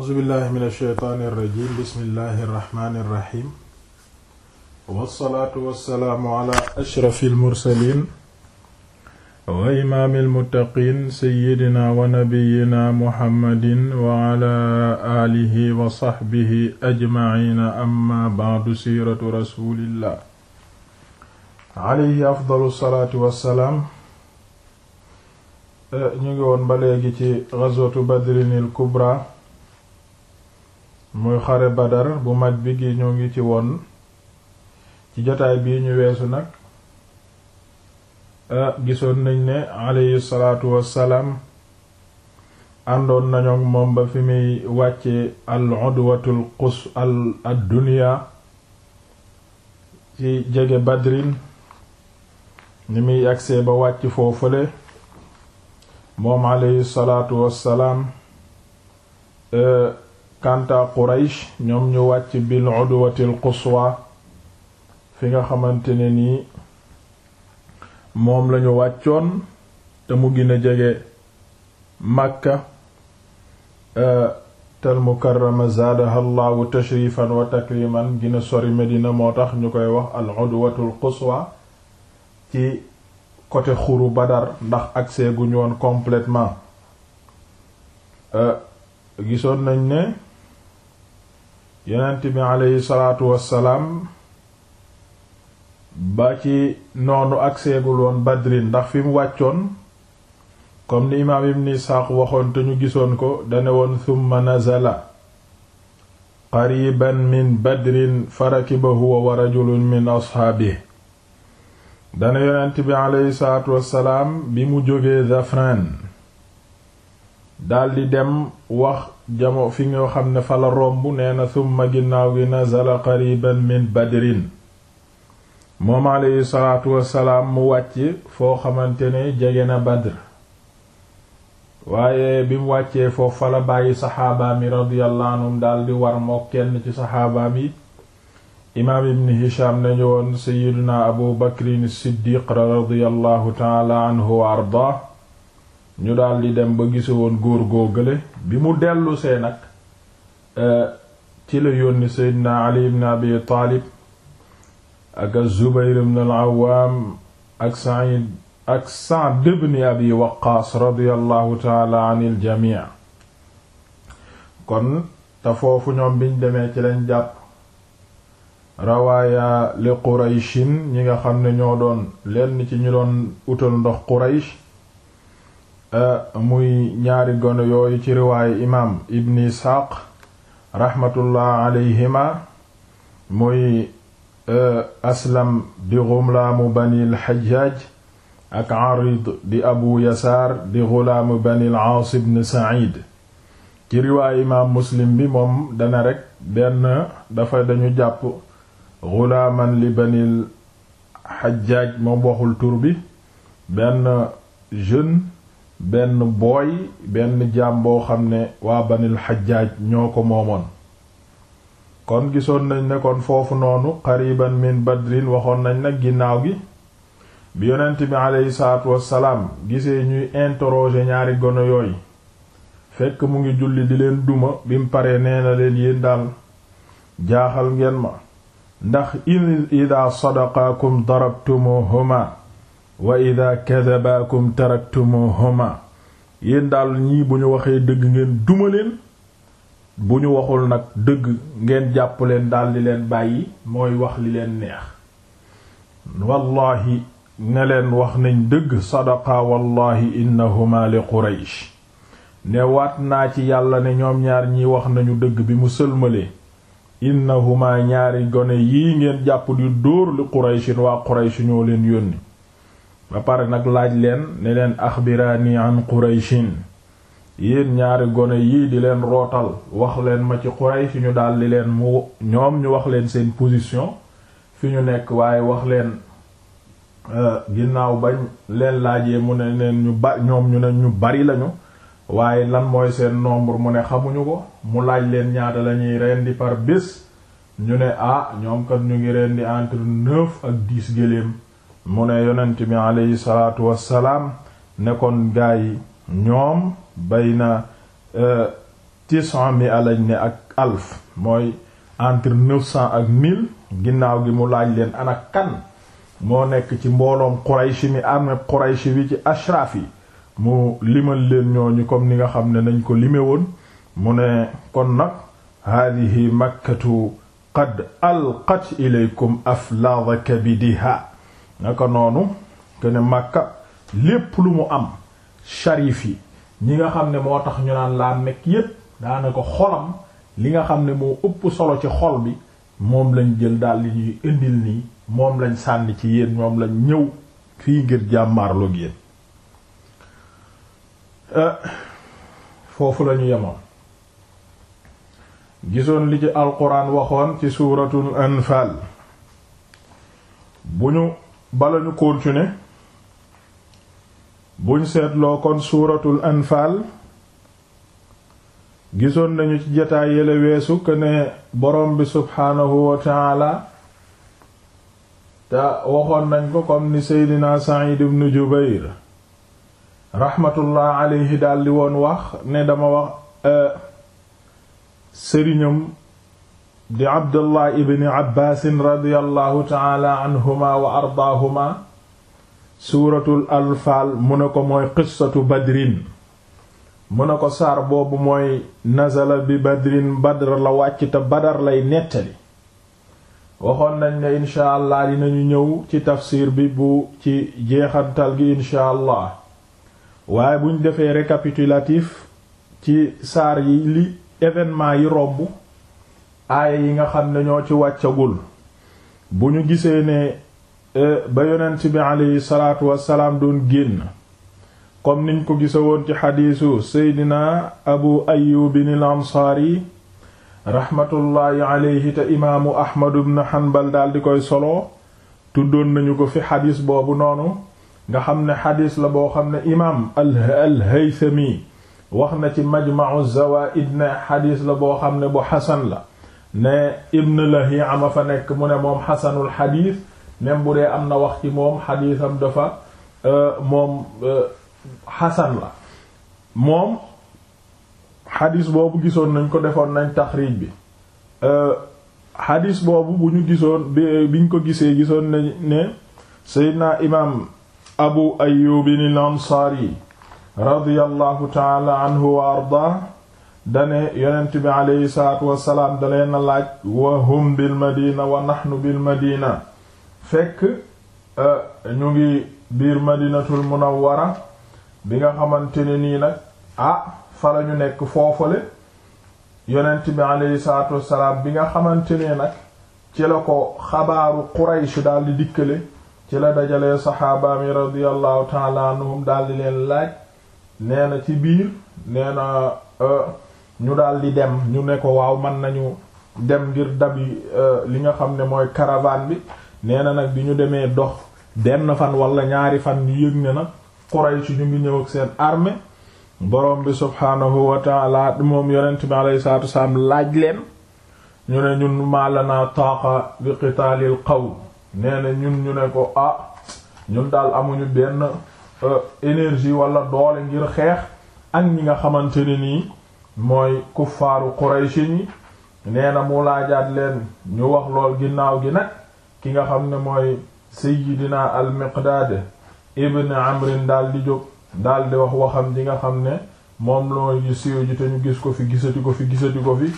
a'uuzu billahi min alsheytaani irrajim bismillahi irrahmani irrahim wassalaatu wassalaamu ala ashrafi almursalin wa imaami almuttaqin seyidina wa nabiyina muhammadin wa ala alihi wa saxbihi ajmaciina amma bacdu siiratu rasulillah alayhi afdalu salaatu wassalaam eh, ñu ngi woon ba léegi ci gazwatu badrinil kubra muy xare badar bu mag bi gi ñu ngi ci woon ci jotaay bii ñu weesu nag ah, gisoon nañ ne aleyhi salaatu wassalaam àndoon nañu moom ba fi muy wàcce al udwatul qus al adduniya ci jege badrin ni muy agsee ba wàcc foofale moom aleyhi salaatu wassalaam ah, kanta Quraysh ñoom ñu wàcc bil udwatil quswa fi nga xamante ne nii moom lañu wàccoon te mu gën jege Makka euh, tal mukarrama zaadaha llahu tashrifan wa takriman gën sori Medina moo tax ñu koy wax al udwatul quswa ci côté xuru Badar ndax accès gu ñu woon complètement euh, gisoon nañ ne yonent bi aleyhi salaatu wassalaam ba ci noonu ak seegul woon badrin ndax fi mu wàccoon comme ni imaam ibn Isxaaq waxoon te ñu gisoon ko dane woon thumma nazala qariban min badrin farakiba huwa wa rajulun min asxaabi dane yonent bi aleyhi salaatu wassalaam bi mu jógee Zafran daldi dem wax jamo fi nga xam ne fala romb nee na summa ginnaaw gi nazala qariban min badrin moom aleyhi mu wàcc foo xamante ne jege na badr waaye bi mu wàccee foofu fala bàyyi saxaabaam yi radiyallahu daldi war moo kenn ci saxaabaam yi imaam ibn hisham nañu woon sayiduna abu bakrin siddiq radiyallahu taala wa ardaa ñu daal di dem ba gisewoon góor goo gële bi mu dellusee nag e, ci la yónni seydina ali ibn abi taalib ak az-zubayr ibn al-awwaam ak sa'id ak sa'd ibn abi waqqaas radiyallahu taala an il jamii kon te foofu ñoom biñ demee ci lañ jàpp rawaaya li qurayshin ñi nga xam ne ñoo doon lenn ci ñu doon utal ndox quraysh Euh, muy ñaari gone yooyu ci riwaayu imaam ibn isxaaq raxmatullah alayhima muy euh, aslam di xulaamu banil xajjaaj ak arid di abu yasaar di xulaamu banil aas ibn said ci riwaayu imaam muslim bi moom dana rekk benn dafa dañu jàpp xulaaman li banil xajjaaj moom waxul tur bi benn jeune benn booy benn jaam boo xam ne waa banil xajjaaj ñoo ko moomoon kon gisoon nañ nekkoon foofu noonu qariban min badrin waxoon nañ nag ginnaaw gi bi yonent bi aleyhi gisee ñuy interroger ñaari gono yooyu fekk mu ngi julli di leen duma bi pare paree nee na leen yéen daal jaaxal ngeen ma ndax in ida sadaqaakum darabtumuhuma wa ida kadabaakum taraktumuhuma yéen daal ñii bu ñu waxee dëgg ngeen duma leen bu ñu waxul nag dëgg ngeen jàpp leen daal li leen bàyyi mooy wax li leen neex wallaahi ne leen wax nañ dëgg sadaqa wallaahi innahuma li quraysh ne waat naa ci yàlla ne ñoom ñaar ñi wax nañu dëgg bi mu sëlmalee innahuma ñaari gone yii ngeen jàpp yu dóor li qurayshin waa quraysh ñoo leen yónni ba pare nag laaj leen ne leen axbiraani an qurayshin yéen ñaari gone yii di leen rootal wax leen ma ci Quraysh ñu daldi leen mu ñoom ñu wax leen seen position fi ñu nekk waaye wax leen euh, ginnaaw ba leen laajee mu ne leen ñu ba ñoom ñu ne ñu bari lañu waaye lan mooy seen nombre mu ne xamuñu ko mu laaj leen ñaata lañuy rendi par bés ñu ne ah ñoom kat ñu ngi rendi entre neuf ak dix gëléem mu ne yonent bi aleyhi salaatu wassalaam nekkoon gaa yi ñoom bayna euh, tis'a mi'a lañ ne ak alf mooy entre neuf cent ak mille ginnaaw gi mu laaj leen ana kan moo nekk ci mbooloom Quraysh mi armée Quraysh bi ci ashraf yi mu limal leen ñooñu comme ni nga xam ne nañ ko lime woon mu ne kon nag hadihi makkatu qad alqat ilaykum aflaadha kabidiha naka noonu te ne Makka lépp lu mu am sharif yi ñi nga xam ne moo tax ñu naan laa nekk yépp daanaka xolam li nga xam ne moo ëpp solo ci xol bi moom lañ jël daal li ñuy indil nii moom lañ sànni ci yéen moom lañ ñëw fii ngir jàmmaarloog yéen euh, foofu lañu yemoon gisoon li ci alquran waxoon ci suuratul anfaal bu ñu bala ñu continuer buñ seetloo kon suuratul anfaal gisoon nañu ci jataay yele weesu que ne borom bi subhaanahu wa te waxoon nañ ko comme ni seydina Sa'id ibn Jubayr rahmatullah alayhi daldi woon wax ne dama wax euh, sëriñam di abdullah ibni abbaasin radiallahu taala anhuma wa ardaahuma suuratul alfaal mu ne ko mooy qissatu badrin mu ne ko saar boobu mooy nazala bi badrin badr la wàcc te badar lay nettali waxoon nañ ne incha dinañu ñëw ci tafsir bi bu ci jeexantal gi incha allah waaye buñ defee récapitulatif ci saar yi li événement yi robb aaya yi nga xam ne ñoo ci wàccagul bu ñu gisee ne e, ba yonent bi aleyhi salaatu wassalaam doon génn comme niñ ko gisa woon ci xadiisu seydina abu ayubin al ansaari raxmatullaahi a te imaamu ahmadu bnu hanbal daldi koy solo tuddoon nañu ko fi xadiis boobu noonu nga xam ne xadiis la boo xam ne imaam al haythami wax na ci majma'u zawaid ne xadiis la boo xam ne bu xasan la ne ibn Lahi'a ma fa nekk mu ne moom xasanul xadiis même bu dee am na wax ci moom xadiisam dafa euh, moom xasan euh, la moom xadiis boobu gisoon nañ ko defoon nañ taxriij bi xadiis euh, boobu bu ñu gisoon biñ ko gisee gisoon na ne na imaam abu ayyubin al ansaari radiyallahu taala anhu wa ardaa dane yonent bi aleyhi salaatu wassalaam da leen laaj wa hum bil madina wa nahnu bil madina fekk euh, ñu ngi biir madinatul munawwara bi nga xamante ne nii nag ah fa la ñu nekk foofale yonent bi aleyhi salaatu wassalaam bi nga xamante ne nag ci la ko xabaaru quraysh daal dikkale ci la dajalee saxaabaami radiyallahu taala anhum leen laaj nee na ci biir nee na euh, ñu daal di dem ñu ne ko waaw man nañu dem ngir dab dabi euh, li nga xam ne mooy caravane bi nee na nag bi ñu demee dox benn fan walla ñaari fan ñu yëg ne nag Quraysh ñu ngi ñëw seen armée borom bi subhaanahu wa moom yonent bi alayhi salaatu wasalaam laaj leen ñu ne ñun maalanaa taaqa bi qitaalil qawm nee na ñun ñu ne ko ah ñun daal amuñu benn euh, énergie walla doole ngir xeex ak ñi nga xamante ne nii mooy kuffaaru Quraysin yi nee na mu laajaat leen ñu wax lool ginnaaw gi nag ki nga xam ne mooy Seydina al-Miqdaad ibn Amrin daal di jóg daal di wax waxam ji nga xam ne moom loo ñu gis ko fi gisati ko fi gisati ko fi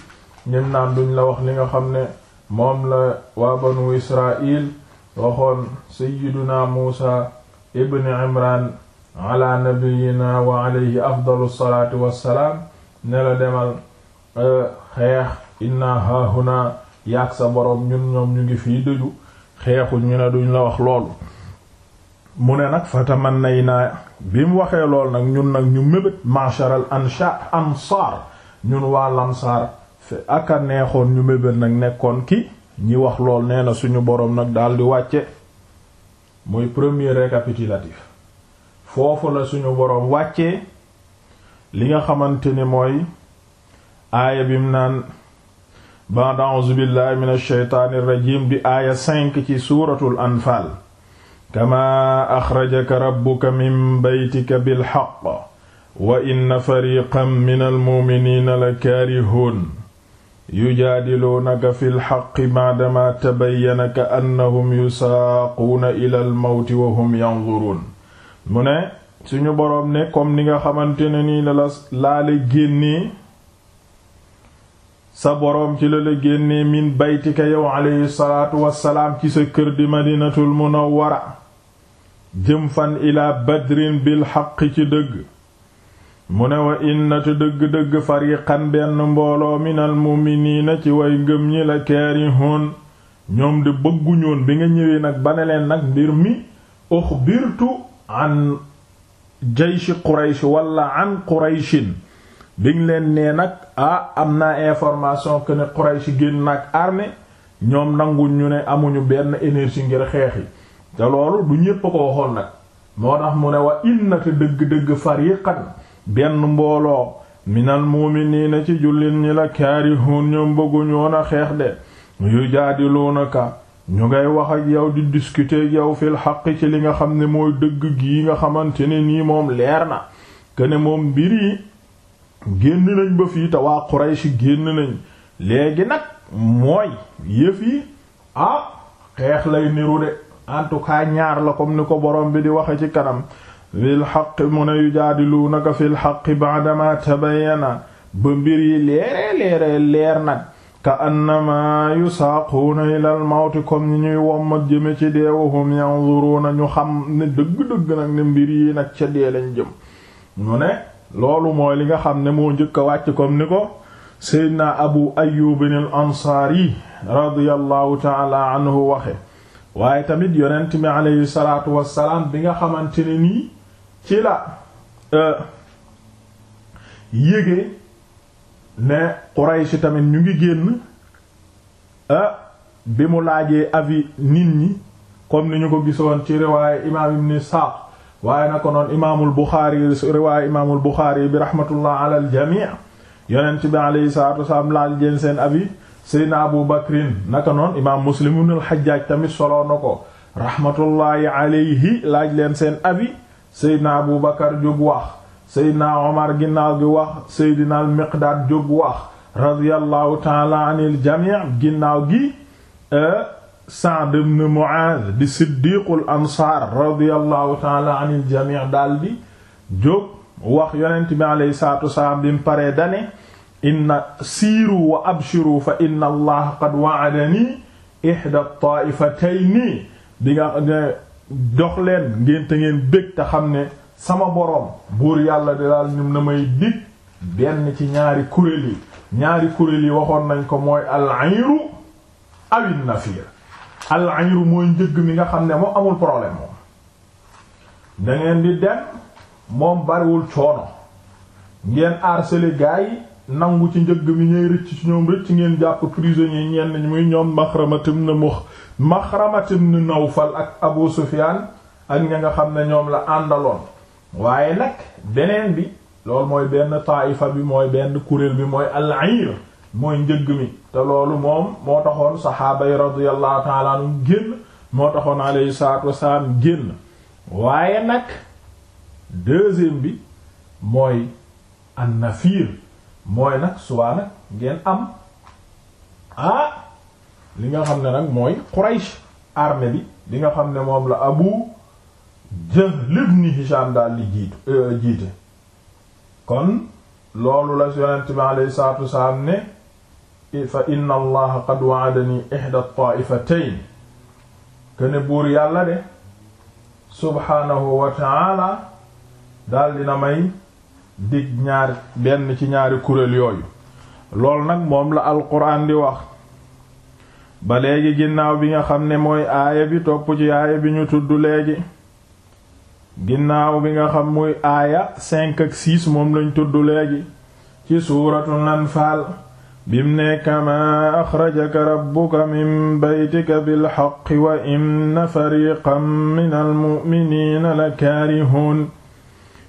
ñun duñ la wax li nga xam ne moom la waa banu Israaïl waxoon Seydina Muusa ibn Imraan ala nabiyina wa alayhi afdalu salaatu wassalaam ne la demal e, xeex inna hahuna yaag sa boroom ñun ñoom ñu ngi fii dëju xeexu ñu ne duñ la wax loolu mu ne nag fataman nay naa bi mu waxee lool nag ñun nag ñu mébét masharal ansha ansaar ñun waa lansaar ak a neexoon ñu mébét nag nekkoon ki ñi wax lool nee na suñu boroom nag daldi wàcce muy premier récapitulatif foofu la suñu boroom wàccee li nga xamante ne mooy aaya bim naan ba'd a'uuzu billahi min alsheytaani irrajim di aaya cinq ci suuratul anfaal kama axrajaka rabbuka min baytika bilxaq wa inna fariqan min almuminina la kaarihuun yujaadiluunaka fi lxaqi ba'dama tabayyana ka annahum yusaaquuna ila almawti wa hum yanzuruun mu ne suñu boroom ne comme ni nga xamante ne nii la laa la génnee sa boroom ci la la génnee min baytika yow aleyhi wassalaam ci sa kër di madinatul munawwara jëm fan ilaa badrin bil xaq ci dëgg mu ne wa innata dëgg-dëgg fariqan benn mbooloo minal mu'miniina ci way ngëm ñi la kaarihoon ñoom de bëgguñoon bi nga ñëwee nag ba ne leen nag mbir mi uxbirtu an jayshi quraysh wala an qurayshin bi leen nee nag ah am na information que ne quraysh génn nag armée ñoom nanguñ ñu ne amuñu benn énergie ngir xeex yi te loolu du ñépp a ko waxoon nag moo tax mu ne wa innata dëgg-dëgg fariqan benn mbooloo minal mu'minina ci jullit ñi la kaarihun ñoom bëgguñu woon a xeex de yu jaadilunaka ñu ngay wax ak yow di discuter ak yow fil xaq ci li nga xam ne mooy dëgg gii nga xamante ni nii moom leer na que ne moom mbir yi génn nañ ba fii te waa Quraysh génn nañ léegi nag mooy yëf yi ah xeex lay niru de en tout cas ñaar la comme ni ko borom bi di waxe ci kanam fil xaq mu ne yujaadilunaka fil xaq ba'dama tabayyana ba mbir yi leeree leeree leer nag ka annama yusaaquuna ila al mawti kom ni ñuy wommat jëme ci dee wahum yanzuruuna ñu xam ne dëgg-dëgg nag ne mbir yi nag ca dee lañ jëm mu ne loolu mooy li nga xam ne moo njëkk a wàcc ni ko seydna abu ayyubin al ansaari radiyallahu taala anhu waxe waaye tamit yonent bi aleyhi salaatu wassalaam bi nga xamante ne nii ci la euh, yége ne Quraysh tamit ñu ngi génn ah, bi mu laajee avis nit ñi comme ni ñu ko gisoon ci riwaaye imaam ibn Isaaq waaye na ko noon imaamul Buxaari riwaaye imaamul Buxaari bi rahmatullah ala al jamii yonent bi alayhi salaatu wasalaam laaj leen seen avis Seydina Abu Bakrin naka noon imaam Muslim ibn al Hajjaaj tamit soloo na ko rahmatullahi alayhi laaj leen seen avis na Abu Bakar jóg wax seydina omar ginnaaw gi wax seydina al miqdaad jóg wax radiyallahu taala anil jamii ginnaaw gi euh, Sa'd ibn Mu'aaz di siddiqul ansaar radiyallahu taala anil jamii daldi jóg wax yonent bi alayhi salaatu wasalaam bi mu paree dane inna siiru wa abshiru fa inna allaha qad wa'adani ihda taa'ifatayni bi nga dox leen ngeen te ngeen bég te xam ne sama boroom buur yàlla di daal ñum na may dig benn ci ñaari kuréel yi ñaari kuréel yi waxoon nañ ko mooy al-ayru awin nafir al-ayru mooy njëgg mi nga xam ne moom amul problème moom da di dem moom bariwul coono ngeen harceler gaa yi nangu ci njëgg mi ñuy rëcc ci ñoom rëcc ngeen jàpp prisonnier ñenn ñi muy ñoom maxramatim na mux nawfal ak Abu Sufyaan ak ña nga xam ne ñoom la àndaloon waaye nag beneen bi loolu mooy benn taifa bi mooy benn kuréel bi mooy al-ayr mooy njëg mi te loolu moom moo taxoon saxaaba yi radiyallahu ta'ala génn moo taxoon alayhi salaatu wasalaam génn waaye nag deuxième bi mooy an-nafiir mooy nag suwaa nag ngeen am ah li nga xam ne nag mooy Quraysh armée bi li nga xam ne moom la Abu Jahl ibn Hisham daal di euh, jiite kon loolu la yonent bi alayhi sa wasalaam ne fa inna allaha qad wa'adani ihda taa'ifatayn kene buur yàlla de subhaanahu wa ta'ala daal dina may dig ñaar benn ci ñaari kuréel yooyu lool nag moom la alquraan di wax ba léegi ginnaaw bi nga xam ne mooy aaya bi topp ci aaya bi ñu tudd léegi ginnaaw bi nga xam muy aya cinq ak six moom lañ tudd léegi ci suuratul anfaal bim ne kamaa axrajaka rabbuka min baytika bilxaqi wa inna fariqan min la kaarihuun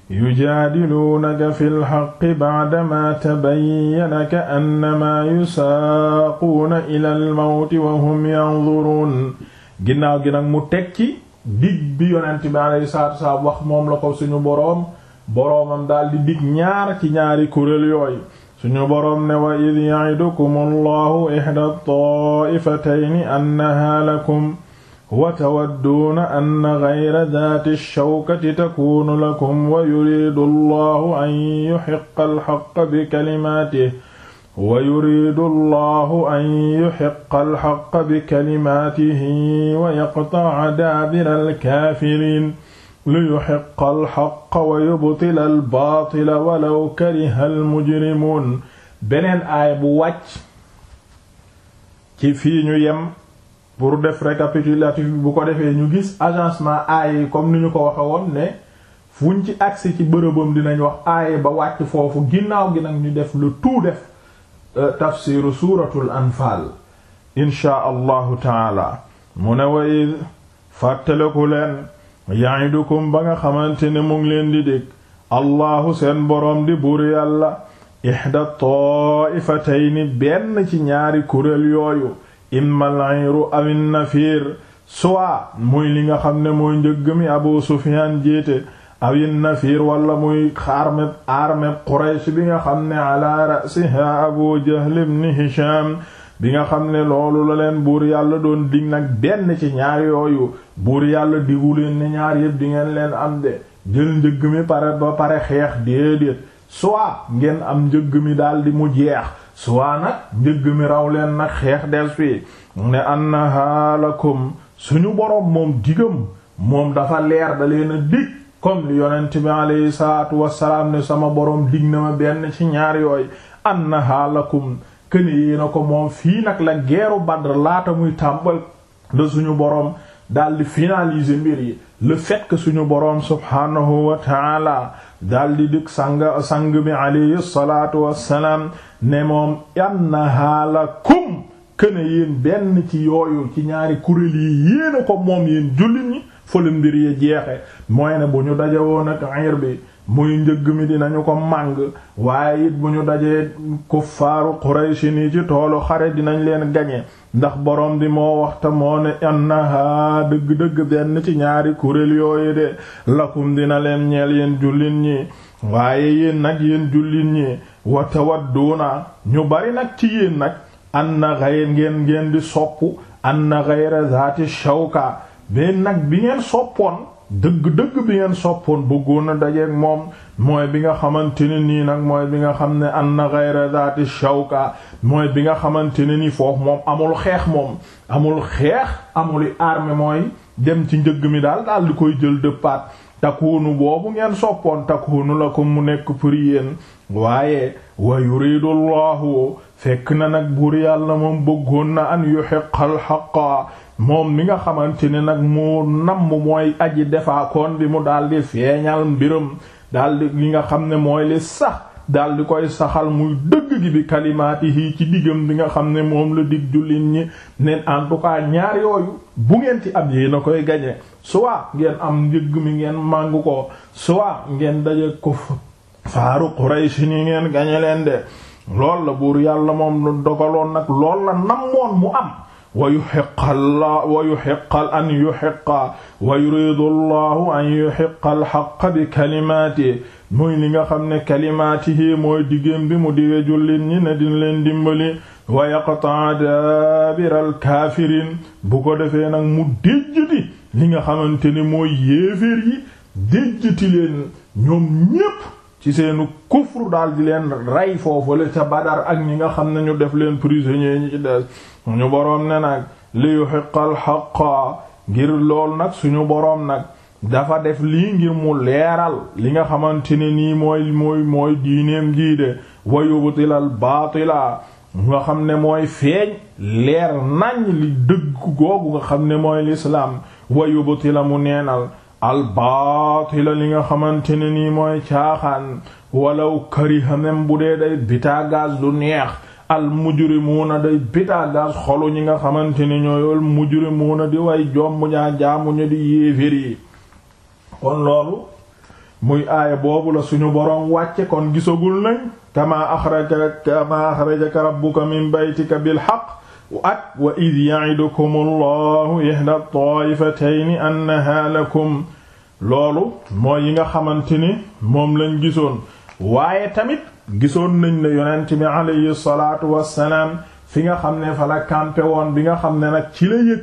yujaadiluunaka fi lxaqi bacdamaa tabayyana ka'annamaa yusaaquuna ila almawti wa hum yanzuruun ginnaaw gi nag mu tekki dig bi yonent bi alayhi salaatu wasalaam wax moom la ko suñu boroom boroomam daal di dig ñaar ci ñaari kuréel yooyu suñu boroom ne wa id ya'idukum allahu ihda ta'ifatayni annaha lakum wa tawadduuna anna ghayra dhaati shawkati takuunu lakum wa yuriidu allahu an yuhiqqa al-haqqa bi kalimaatihi wa yuridu allahu an yuxiqa alxaqa bi kalimaatihi wa yaqtaca daabira alkaafiriin li yuxiqa alxaqa wa yubtila albaatila walaw kariha bu wàcc fii ñu yem pour def récapitulatif bi bu ko defee ñu gis agencement aay yi comme ni ñu ko waxe woon ne fuñ ci agsi ci bërëbam dinañ wax aay ba wàcc foofu ginnaaw gi nag ñu def lu tout def Eh, tafsiru suuratul anfaal inchaa allahu taala mu ne wa id fàttaleku leen ya'idukum ba nga xamante ne mu ngi leen di dég allahu seen boroom di buur yàlla ihda taifatayni benn ci ñaari kuréel yooyu immal ayru awin nafiir soit muy li nga xam ne mooy njëgg mi abu sufyaan jéete awin nafiir wala muy armeb armeb Quraysh bi nga xam ne ala ra'siha Abu Jahl ibn Hisham bi nga xam ne loolu la leen buur yàlla doon dig nag benn ci ñaar yooyu buur yàlla digu leen ne ñaar yépp di ngeen leen am de jël njëgg mi pare ba pare xeex déedéet soit ngeen am njëgg mi daldi mu jeex soit nag njëgg mi raw leen nag xeex des fii ne annaha lakum suñu boroom moom digam moom dafa leer da leen a dig comme li yonent bi alayhi salaatu wassalaam ne sama borom dig na ma benn ci ñaar yooyu annaha lakum këne yéena ko moom fii nag la geeru Badr laata muy tàmbal da suñu boroom daldi finaliser mbir yi le fait suñu borom subhaanahu wa daldi dëkk sanga sang bi alayhi salaatu wassalaam ne moom annaha lakum këne yéen benn ci yooyu ci ñaari kuréel yi yéena ko moom yéen jullit ñi fële mbir yi jeexe mooy ne bu ñu daje woon ak ayir bi muy njëgg mi dinañu ko màng waaye it bu ñu dajee kuffaaru Quraysh nii ci toolu xare dinañ leen gañe ndax borom bi moo waxta moo ne annaha dëgg-dëgg benn ci ñaari kuréel yooyu de lakum dina leen ñeel yéen jullit ñi waaye yéen nag yéen jullit ñi wa tawadduuna ñu bari nag ci yéen nag anna ghayr ngeen ngeen di soppu anna ghayra zaati shawka mais nag bi ngeen soppoon dëgg-dëgg bi ngeen soppoon bëggoon na dajeeg moom mooy bi nga xamante ne nii nag mooy bi nga xam ne anna ghayra zaati shawka mooy bi nga xamante ne nii foofu moom amul xeex moom amul xeex amul arme mooy dem ci njëgg mi daal daal di koy jël dëppaat paat takkuunu boobu ngeen soppoon takkuunu la ko mu nekk pour yéen waaye wa yuridu fekk na nag buur yàlla moom bëggoon na an yuhiqqa al-haqqa moom li nga xamante ne nag mu namm mooy aji defaakoon bi mu daldi feeñal mbiram daldi li nga xam ne mooy li sax daldi koy saxal muy dëgg gi bi kalimaatihi ci diggam bi nga xam ne moom la dig jullit ñi neen en tout ñaar yooyu bu ngeen ci am yéen na koy gañe soit ngeen am njëgg mi ngeen màng ko soit ngeen daje ko faaru Quraysh ni ngeen gañe leen de lool la buur yàlla moom lu dogaloon nag lool la namoon mu am wa yuhiqqa Allah wa yuhiqqa an yuhiqqa wa yuridu Allahu an yuhiqqa al-haqqa bi kalimaatihi muy li nga xam ne kalimaatihi mooy diggéem bi mu diwe jullit ñi ne dina leen dimbali wa yaqta'a daabira al-kaafiriin bu ko defee nag mu déjjati li nga xamante ne mooy yéeféer yi déjjati leen ñoom ñépp ci seenu kufru daal di leen rey foofule ca Badar ak ñi nga xam ne ñu def leen prisonnier ñi ci des suñu boroom ne nag li yuhiqal haqa ngir lool nag suñu boroom nag dafa def lii ngir mu leeral li nga xamante ne nii mooy mooy mooy diineem jii de wa yubtilal baatila nga xam ne mooy feeñ leer nañ li dëgg googu nga xam ne mooy lislaam wa yubtila mu neenal albaatila li nga xamante ne nii mooy caaxaan walaw kariha même bu dee day bitaa gaz du neex al mujrimuuna day bitaa gaz xolu ñi nga xamante ne ñooyool mujrimuuna di way jomb ñaa jaamuñu di yéefér yi kon loolu muy aaya boobu la suñu boroom wàcce kon gisagul nañ kama axrajaka kama axrajaka rabbuka min baytika bil haqq at wa id ya'idukum allahu ihda taifatayni annaha lakum loolu mooy yi nga xamante ni moom lañ gisoon waaye tamit gisoon nañ ne yonent bi alayhi salaatu wassalaam fi nga xam ne fa la campé woon bi nga xam ne nag ci la yëg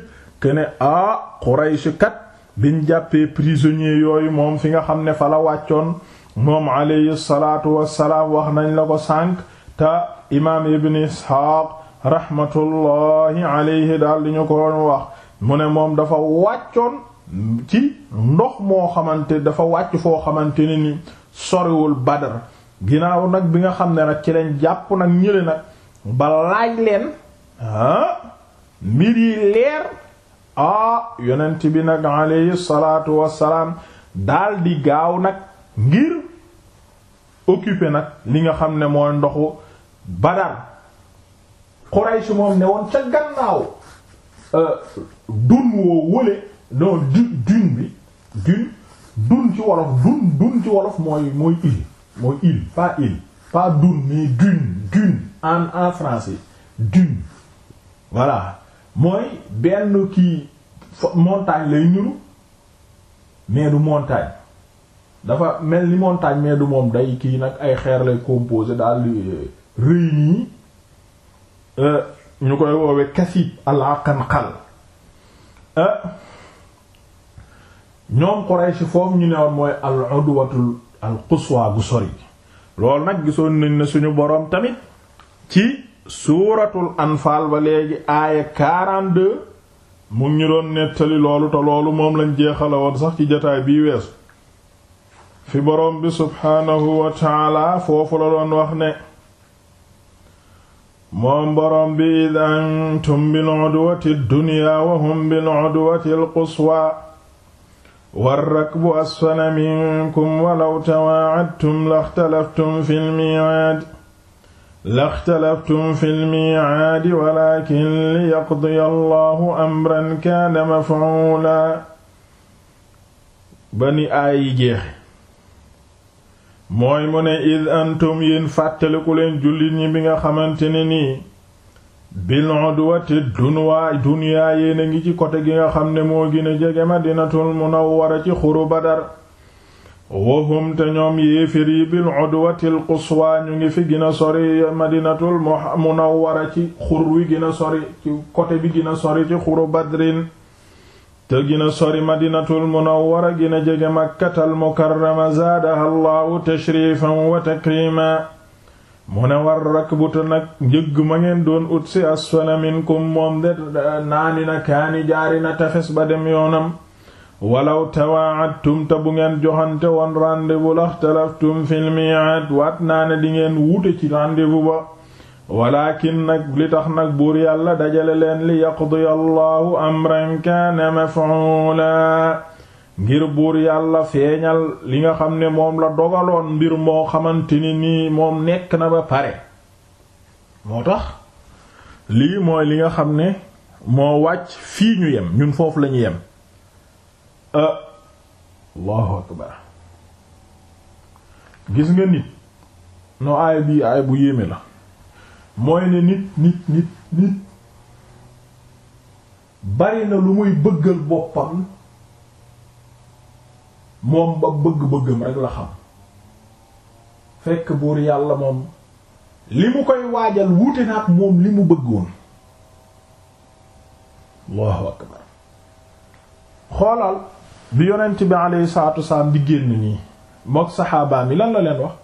ne ah Quraysh kat biñ jàppee prisonnier yooyu moom fi nga xam ne fa la wàccoon moom alayhi salaatu wassalaam wax nañ la ko sànq te imaam ibn Isxaaq rahmatullahi alayhi daal di ñu ko woon wax mu ne moom dafa wàccoon ci ndox moo xamante dafa wàcc foo xamante ne ni soriwul Badr ginnaaw nag bi nga xam ne nag ci leen jàpp nag ñële nag ba laaj leen ah, mbir yi leer ah yonent bi nag alayhi salaatu wassalaam daal di gaaw nag ngir occuper nag li nga xam ne mooy ndoxu Badar Quraysh moom ne woon ca gannaaw euh, dun woo wële noonu du dun bi dun dun ci wolof dun dun ci wolof mooy mooy île mooy île pas île pas dun mais dune dune en en français dune voilà mooy benn kii montagne lay niru mais du montagne dafa mel ni montagne mais du moom day kii nag ay xeer lay composé daal euh, rëy nii Eh, ñu koy woowe kasib al-Aqanqal eh, ñoom Quraysh foofu ñu ne woon mooy al-udwatul al-quswa bu sori loolu nag gisoon nañ ne suñu boroom tamit ci suuratul anfaal ba léegi aaya 42 mu ñu doon nettali loolu te loolu moom lañ jeexala woon sax ci jotaay bii weesu fi boroom bi subhaanahu wa foofu la doon wax ne moom boroom bi id antum bil udwati dunya wa hum bil udwati al quswa war rakbu asfala minkum walaw tawaacadtum laxtalaftum fi lmiicaad laxtalaftum fi lmiicaadi walaakin liyaqdiya allahu amran kaana mafcuula bani aay yi jeexe mooy mu ne id antum yéen fàttaliku leen jullit ñi bi nga xamante ne nii bil udwati dunwaa dunyaa yéen a ngi ci côté gi nga xam ne moo gën a jege madinatul munawwara ci xuru badar wahum te ñoom yéefér yi bil udwatil quswa ñu ngi fi gën a sori madinatul munawwara ci xur wi gën a sori ci côté bi gën a sori ci xuru badrin te gina sori madinatul munawwara gina jege makkatal mukarrama zaadaha allahu tashrifan wa takrima mu ne war rakbuta nag njëgg ma ngeen doon ut si minkum moom de naani kaani jaari na tefes ba dem yoonam walaw tawaacadtum te bu ngeen joxante woon rendez-vous laxtalaftum fil miicaad waat naa ne di ngeen wuute ci rendez-vous ba walakin nag li tax nag buur yàlla dajale leen li yaqdi allahu amran kaana ngir buur yàlla feeñal li nga xam ne moom la dogaloon mbir moo xamante ni nii moom nekk na ba pare moo tax lii mooy li nga xam ne moo wàcc fii ñu yem ñun foofu lañu yem ah, allahu akbar gis nga nit no aay bii aay bu yéeme la mooy ne nit nit nit nit bari na lu muy bëggal boppam moom ba bëgg-bëggam rek la xam fekk buur yàlla moom li mu koy waajal wuute na moom li mu bëggoon allahu akbar xoolal bi yonent bi alayhi salaatu wasalaam di génn nii mook saxaabaa mi lan la leen wax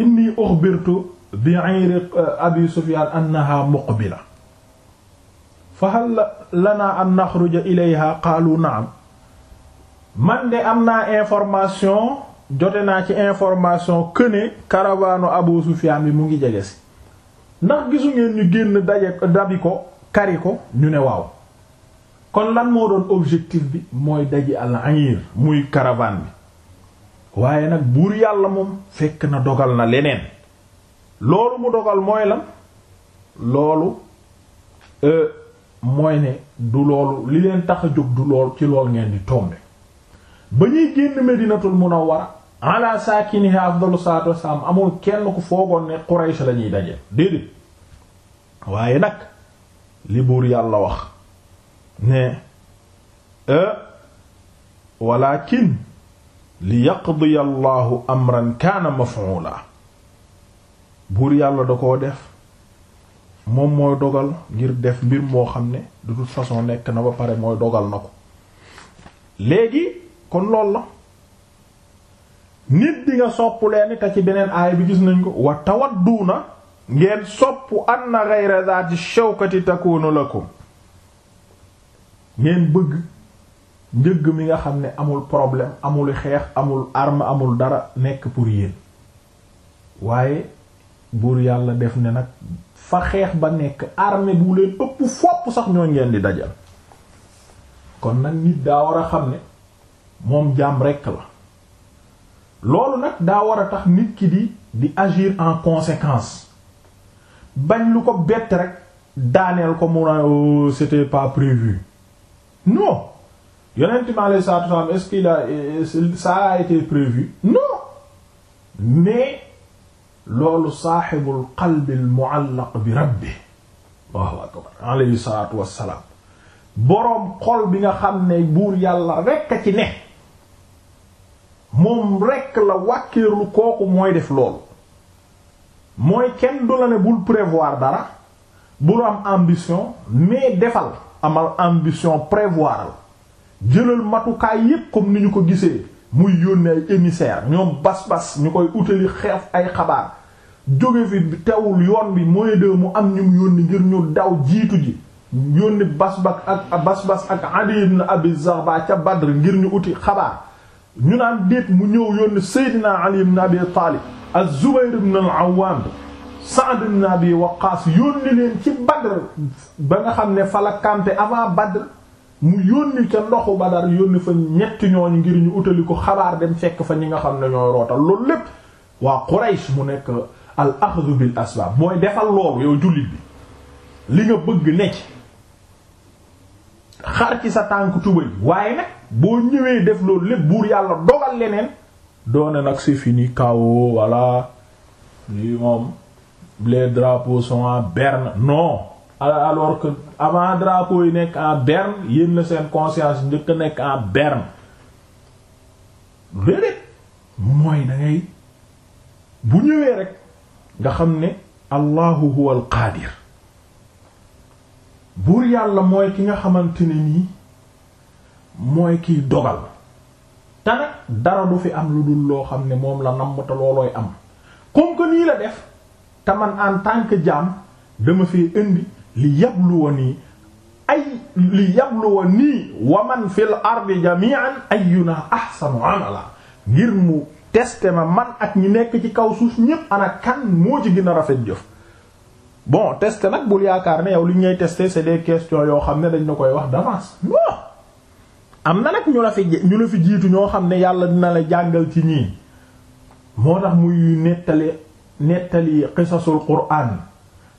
inni uxbirtu bi'ayri euh, abi sufyan annaha la fa hal lana an naxruja ilayha qaalu na'am man de am naa information jote naa ci information këne caravane abu sufyan bi mu ngi jege si ndax gisu ngeen ñu génn daje dabi ko kari ko ñu ne waaw kon lan moo doon objectif bi mooy daji al-ayr muy caravane bi waaye nag buur yàlla moom fekk na dogal na leneen loolu mu dogal mooy la loolu euh, mooy ne du loolu li leen tax a jóg du lool ci lool ngeen di tombe ba ñuy génn Medinatul Munawwara ala saakiniha afdalu salaatu wassalaam amul kenn ku foogoon ne Quraysh la ñuy dajeel déedéet waaye nag li buur yàlla wax ne euh, walakin li yaqdiya Allahu amran kaana maf'uula buur yàlla da koo def moom mooy dogal ngir def mbir moo xam ne de toute façon nekk na ba pare mooy dogal na ko léegi kon lool na nit di nga sopp leen te ci beneen aay bi gis nañ ko wa tawadduuna ngeen sopp anna ghayra zaati shawkati takunu ko ngeen bëgg njëgg mi nga xam ne amul problème amul xeex amul arme amul dara nekk pour yéen waaye buur yàlla def ne nag fa xeex ba nekk armée bu leen ëpp fopp sax ñoo ngeen di dajal kon nag nit daa war a xam ne moom jaam rekk la loolu nag daa war a tax nit ki di di agir en conséquence bañ lu ko bett rek daaneel ko mu ne oh, c'était pas prévu non yonent mi alayhi salaatu wa été prévu non mais loolu saaxibul qalbi al muallaq bi rabbi allahu akbar boroom xol bi nga xam ne buur yàlla rekk a ci ne moom rekk la wàkkeerlu kooku mooy def loolu mooy kenn du la ne bul prévoir dara bul am ambition mais defal amal ambition prévoir jëlal matukaay yépp comme ni ñu ko gisee muy yónni ay émissaire ñoom bas-bas ñu koy utali xeef ay xabaar jóge fi teewul yoon bi mooy de mu am ñu yónni ngir ñu daw jiitu ji yónni basbak ak basbas ak Adi ibn Abi ca Badr ngir ñu uti xabaar ñu naan déet mu ñëw yónni Seydina Ali ibn Abi Talib az-Zubayr ibn al-Awwam Sa'd ibn Abi Waqqas yónni leen ci Badr ba nga xam ne fala campé avant Badr mu yónni ca ndoxu Badar yónni fa ñetti ñooñu ngir ñu utali ko xabaar dem fekk fa ñi nga xam ne ñooy rootal loolu lépp waa Quraysh mu nekk al axdu bil asbaab mooy defal loolu yow jullit bi li nga bëgg ne ci xar ci sa tànk tubay waaye nag boo ñëwee def loolu lépp buur yàlla dogal leneen doone nag c'est fini kawo voilà lii moom les drapeaux sont berne non alors que avant drapeau yi nekk en berne yéen seen conscience njëkk a nekk en berne léeg mooy da bu ñëwee rek nga xam ne allahu huwal qaadir buur yàlla mooy ki nga xamante ne nii mooy kiy dogal te nag dara du fi am lu dul loo xam ne moom la namm te loolooy am comme que nii la def te man en tant que jaam dama fi indi li yabluwani ay li yabluwani wa man fil ardi jami'an na ahsanu amala ngir mu teste ma man ak ñi nekk ci kaw suuf ñépp ana kan moo ci gën a rafet jëf bon teste nag bul yaakaar ne yow li ngay tester c'est des questions yoo xam ne dañ na koy wax d'avance non am na nag ñu la fi ñu la fi jiitu ñoo xam ne yàlla dina la jàngal ci ñii moo tax muy nettali nettali qisasul qur'an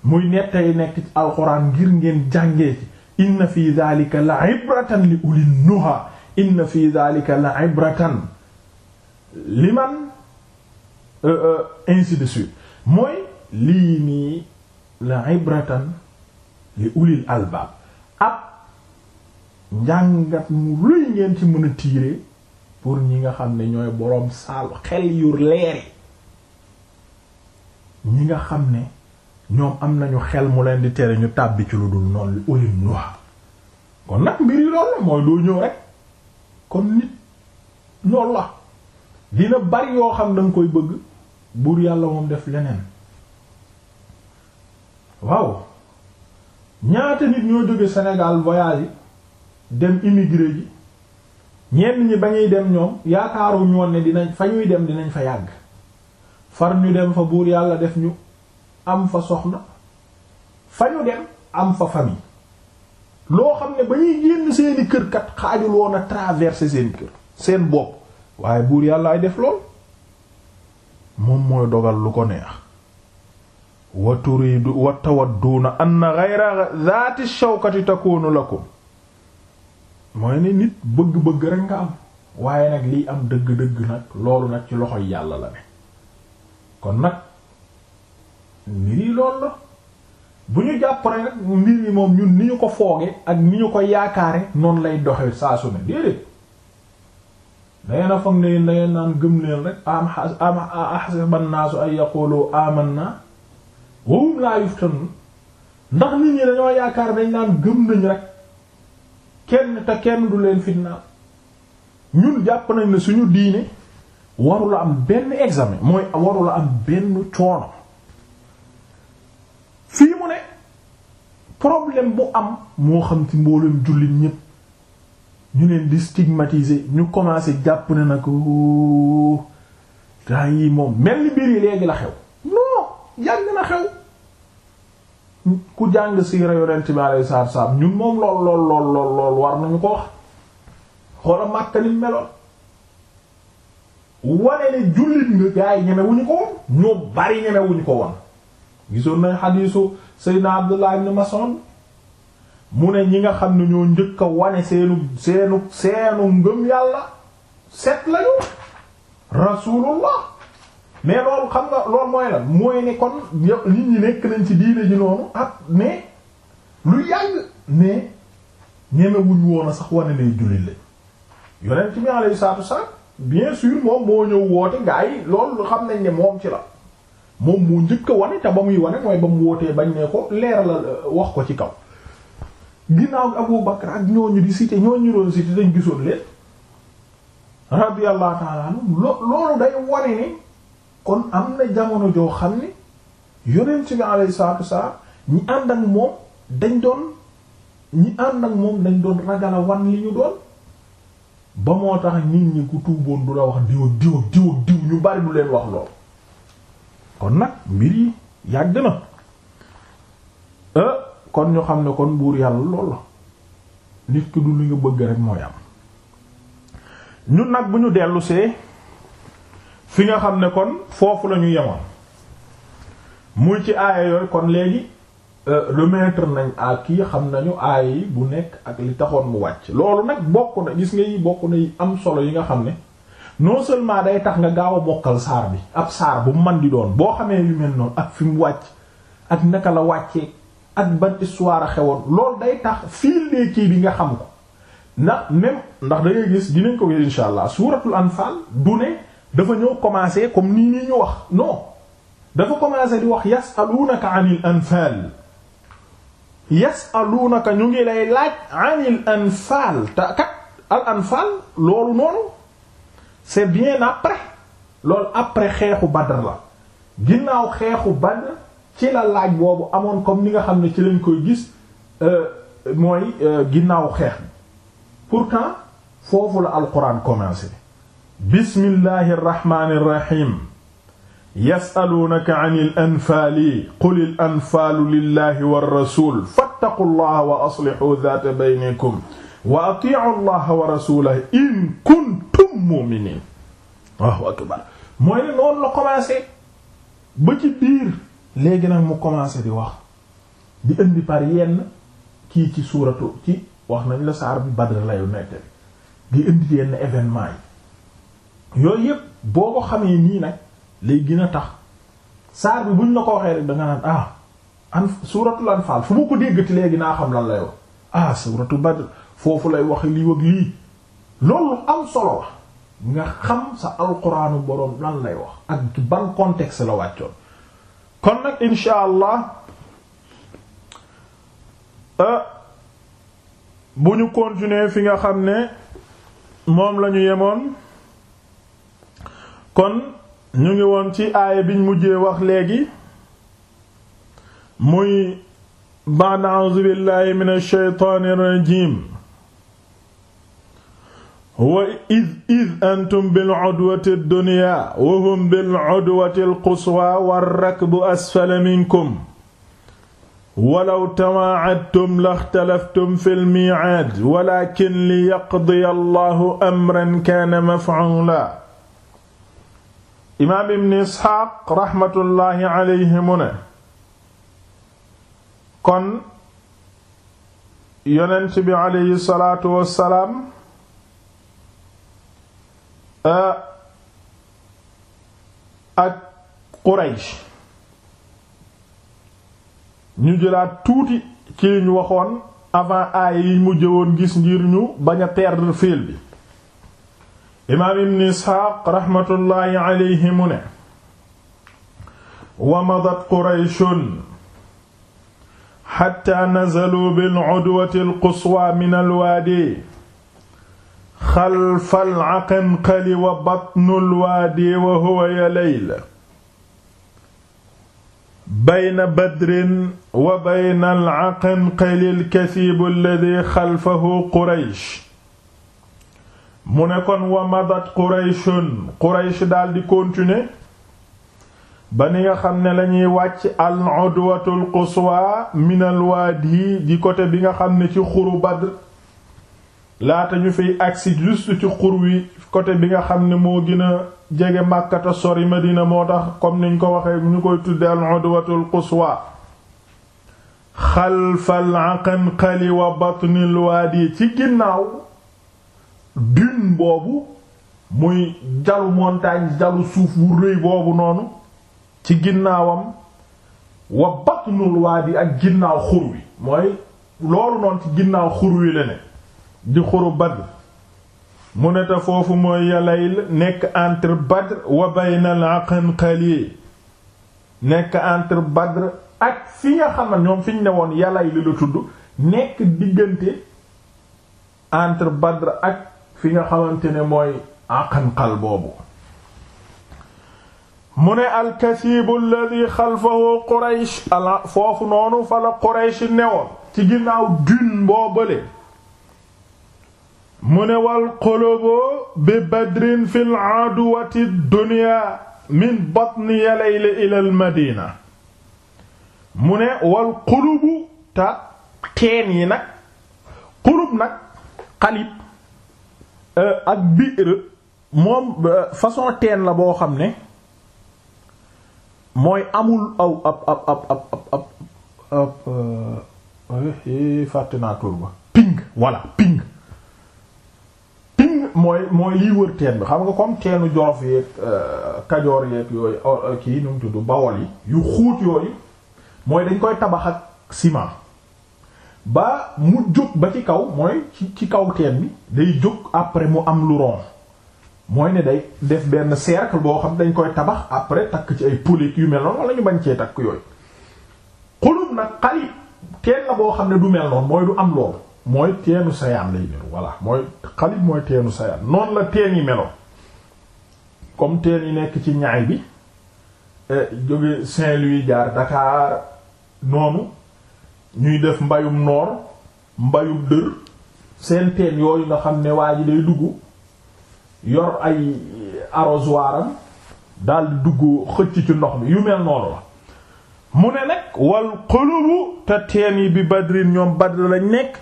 muy nettay nekk ci ngir ngeen jàngee ci inna fi dhalika la ibratan li ulin nuha inna fi dhalika la ibratan liman euh, euh, ainsi de suite mooy lii nii la ibratan li ulil albaab ab njàngat mu luy ngeen ci mën a tiire pour ñi nga xam ne ñooy boroom saal xel yu leeri ñi nga xam ne ñoom am nañu xel mu leen di tere ñu tàbbi ci lu dul noonu li ulim nuha kon nag mbir yi loolu la mooy doo ñëw rek kon nit loolu la dina bari yoo xam danga koy bëgg buur yàlla moom def leneen waaw ñaata nit ñoo jóge Sénégal voyage yi dem immigré ji ñenn ñi ba ñuy dem ñoom yaakaaruñu woon ne dinañ fa ñuy dem dinañ fa yàgg far ñu dem fa buur yàlla def ñu am fa soxna fa ñu dem am fa famille loo xam ne ba ñuy génn seeni kër kat xaajul woon a traverser seen kër seen bopp waaye buur yàlla ay def lool moom mooy dogal lu ko neex wa turidu wa tawadduuna anna ghayra zaati shawkati la ko mooy ne nit bëgg-bëgg rek nga am waaye nag liy am dëgg-dëgg nag loolu nag ci loxoy yàlla la ne kon nag mbir yi loolu la bu ñu jàpp rek mbir yi moom ñun ni ñu ko fooge ak ni ñu ko yaakaare noonu lay doxe saa su ne déedéet dangeen a foog ne dangeen naan gëm leen rek am am ahasiban naasu ay yaakaar dañ naan gëm nañ rek kenn te kenn du leen fitnaal ñun jàpp nañ ne suñu diine warula am benn examen mooy warula am benn coono fii mu ne problème bu am moo xam ci mboolem jullit ñépp ñu leen di stigmatiser ñu commencé jàpp ne na ko temps yi moom mel ni biir yi léegi la xew non yàgg na xew ku jàng siira yonent bi alayhi salaatu wassalaam ñun moom lool lool lool lool lool war nañu ko wax xoola Makka ni meloon wane ne jullit nga gaa yi ñemewuñu ko woon ñoo bari ñemewuñu ko woon gisoon nañ xadiisu Seydina Abdullah ibn Mas'ud mu ne ñi nga xam ne ñoo njëkk a wane seenu seenu seenu ngëm yàlla set lañu rasulullah mais loolu xam nga loolu mooy lan mooy ne kon nit ñi nekk nañ ci diine ji noonu ah mais lu yàgg mais ñemewuñ woon a sax wane lay jullit lañ yonent bi alayhi salaatu wassalaam bien sûr moom moo ñëw woote gaa yi loolu xam nañ ne moom ci la moom moo njëkk a wane te ba muy wane mooy ba mu wootee bañ ne ko leer la euh, wax ko ci kaw ginnaaw Abu Bakr ak ñooñu di cité ñooñu doon cité dañ gisoon leen radiyallahu ta'ala anhu loolu day wane ni kon am na jamono joo xam ne yonent bi alayhi salaatu wasalaam ñi ànd ak moom dañ doon ñi ànd ak moom dañ doon ragala wan li ñu doon ba moo tax nit ñi ku tuuboon du la wax diw ak diw diw ñu bari du leen wax loolu kon nag mbir yi yàgg na euh, kon ñu xam ne kon buur yàlla lool la nit ki du li nga bëgg rek mooy am ñun nag bu ñu dellusee fi nga xam ne kon foofu lañu ñu yemoon muy ci aaya yooyu kon léegi euh, remettre nañ à yi xam nañu aaya yi bu nekk ak li taxoon mu wàcc loolu nag bokk na gis nga yi bokk na yi am solo yi nga xam ne non seulement day tax nga gaaw a bokkal saar bi ab saar bu man di doon boo xamee yu mel noonu ak fi mu wàcc ak naka la wàccee ak ban histoire a xewoon loolu day tax fiil dee kii bi nga xam ko ndax même ndax da ngay gis dinañ ko gis insha suuratul anfaal du ne dafa ñëw commencer comme nii nii ñu wax non dafa commencer di wax yas yasaluunaka anil anfaal yasaluunaka ñu ngi lay laaj anil anfaal te kat al anfaal loolu noonu c'est bien après loolu après xeexu Badr la ginnaaw xeexu Badr ci la laaj boobu amoon comme ni nga xam ne ci lañ koy gis euh, mooy euh, ginnaaw xeex bi pourtant foofu la alquran commencé bismillahi rrahmani rrahim yasaluunaka an il anfaali qul il anfaalu lillahi warrasul fattaqu llaha wa aslixuu daata baynikum wa atiicu llaha wa rasulahu in kuntum mu'minin waaw akbar mooy ne noonu la commencé ba ci biir léegi nag mu commencé di wax di indi par yenn kii ci suuratu ci wax nañ la saar bi Badr layu nekk di indi yenn événement yi yooyu yëpp boo ko xamee nii nag lay gën a tax saar bi buñ la ko waxee rek da naan ah an suuratul Anfaal fu ma ko déggati léegi naa xam lan lay ah suuratu Badr foofu lay wax li wëg lii loolu am solo la nga xam sa alquraanu boroom lan lay wax ak ban contexte la wàccoon kon nag insha allah euh, bu ñu continuer fi nga xam ne moom lañu yemoon kon ñu ngi woon ci aaya biñ mujjee wax léegi muy ba'da a'uuzu billaahi minash shaytaanir rajiim wa id id antum bil udwati dunya wa hum bil udwati alquswa war rakbu asfala minkum walaw tawaacadtum laxtalaftum fi lmiicaad walaakin liyaqdiya allahu amran kaana mafcuula imaam ibn isxaaq raxmatullaahi alayhi mu ne kon yonent bi alayhi salaatu wassalaam Euh, ak Quraysh ñu jëlaat tuuti ci ñu waxoon avant aaya yi mu jëwoon gis ngir ñu bañ a perdre fil bi imaam ibn isxaaq raxmatullaahi alayhi mu ne wa madat qurayshun xatta nazalu bil al quswa min al waadi xalfa alaqanqali wa batnu alwaadi wa huwa ya layla bayna badrin wa bayna alaqanqali alkasiibu alladi xalfahu quraysh mu ne kon wa madat qurayshun quraysh daldi continuer ba ni nga xam ne lañuy wàcc al udwatul quswa min alwaadi di côté bi nga xam ne ci xuru Badr laata ñu fiy agsi juste ci xur wi côté bi nga xam ne moo gën a jege màkkata sori madina moo tax comme niñ ko waxee ñu koy tudde al udwatul quswa xalfal aqanqali wa batnil waadi ci ginnaaw dune boobu muy jalu montagne jalu suuf wu rëy boobu noonu ci ginnaawam wa batnul waadi ak ginnaaw xur wi mooy loolu noonu ci ginnaaw xur wi la di xuru Badr mu ne te foofu mooy yalayl nekk entre Badr wa baynal Aqanqali nekk entre Badr ak fi nga xam ne ñoom fi ñu ne woon yalayl la tudd nekk diggante entre Badr ak fi nga xamante ne mooy Aqanqal boobu mu ne alkasiibu alladi xalfahu Quraysh ala foofu noonu fa la Quraysh newoon ci ginnaaw dun boo bële mu ne wal qulubu bi badrin fi laaduwati dunya min batni yalayli ila al madina mu ne wal qulubu te teen yi nag qulub nag xalib euh, ak biir moom euh, façon teen la boo xam ne mooy amul aw ab ab ab ab ab euh, eh, eh, fàtte naa tur ba ping voilà ping mooy mooy lii wër teen bi xam nga comme teenu jorof yeeg euh, kajoor yeeg yooyu euh, kii nu mu tudd bawol yi yu xuut yooyu mooy dañ koy tabax ak ciment ba mu jóg ba ci kaw mooy ci ci kaw teen bi day jóg après mu am lu rond mooy ne day def benn cercle boo xam ne dañ koy tabax après takk ci ay politique yu mel noonu wala ñu bañ cee takk yooyu xulub nag xali teen la boo xam ne du mel noonu mooy du am loolu mooy teenu sayaan lay niru voilà mooy xalib mooy teenu sayaan noonu la teen yi melo comme teen yi nekk ci ñaay bi e, jóge Saint-Louis jaar Dakar noonu ñuy def mbayum noor mbayum dër seen teen yooyu nga xam ne waa ji day dugg yor ay arrosoir am daal dugg xëcc ci ndox mi yu mel noonu la mu ne nag wal xulubu te teen yi bi badrin ñoom badr lañ nekk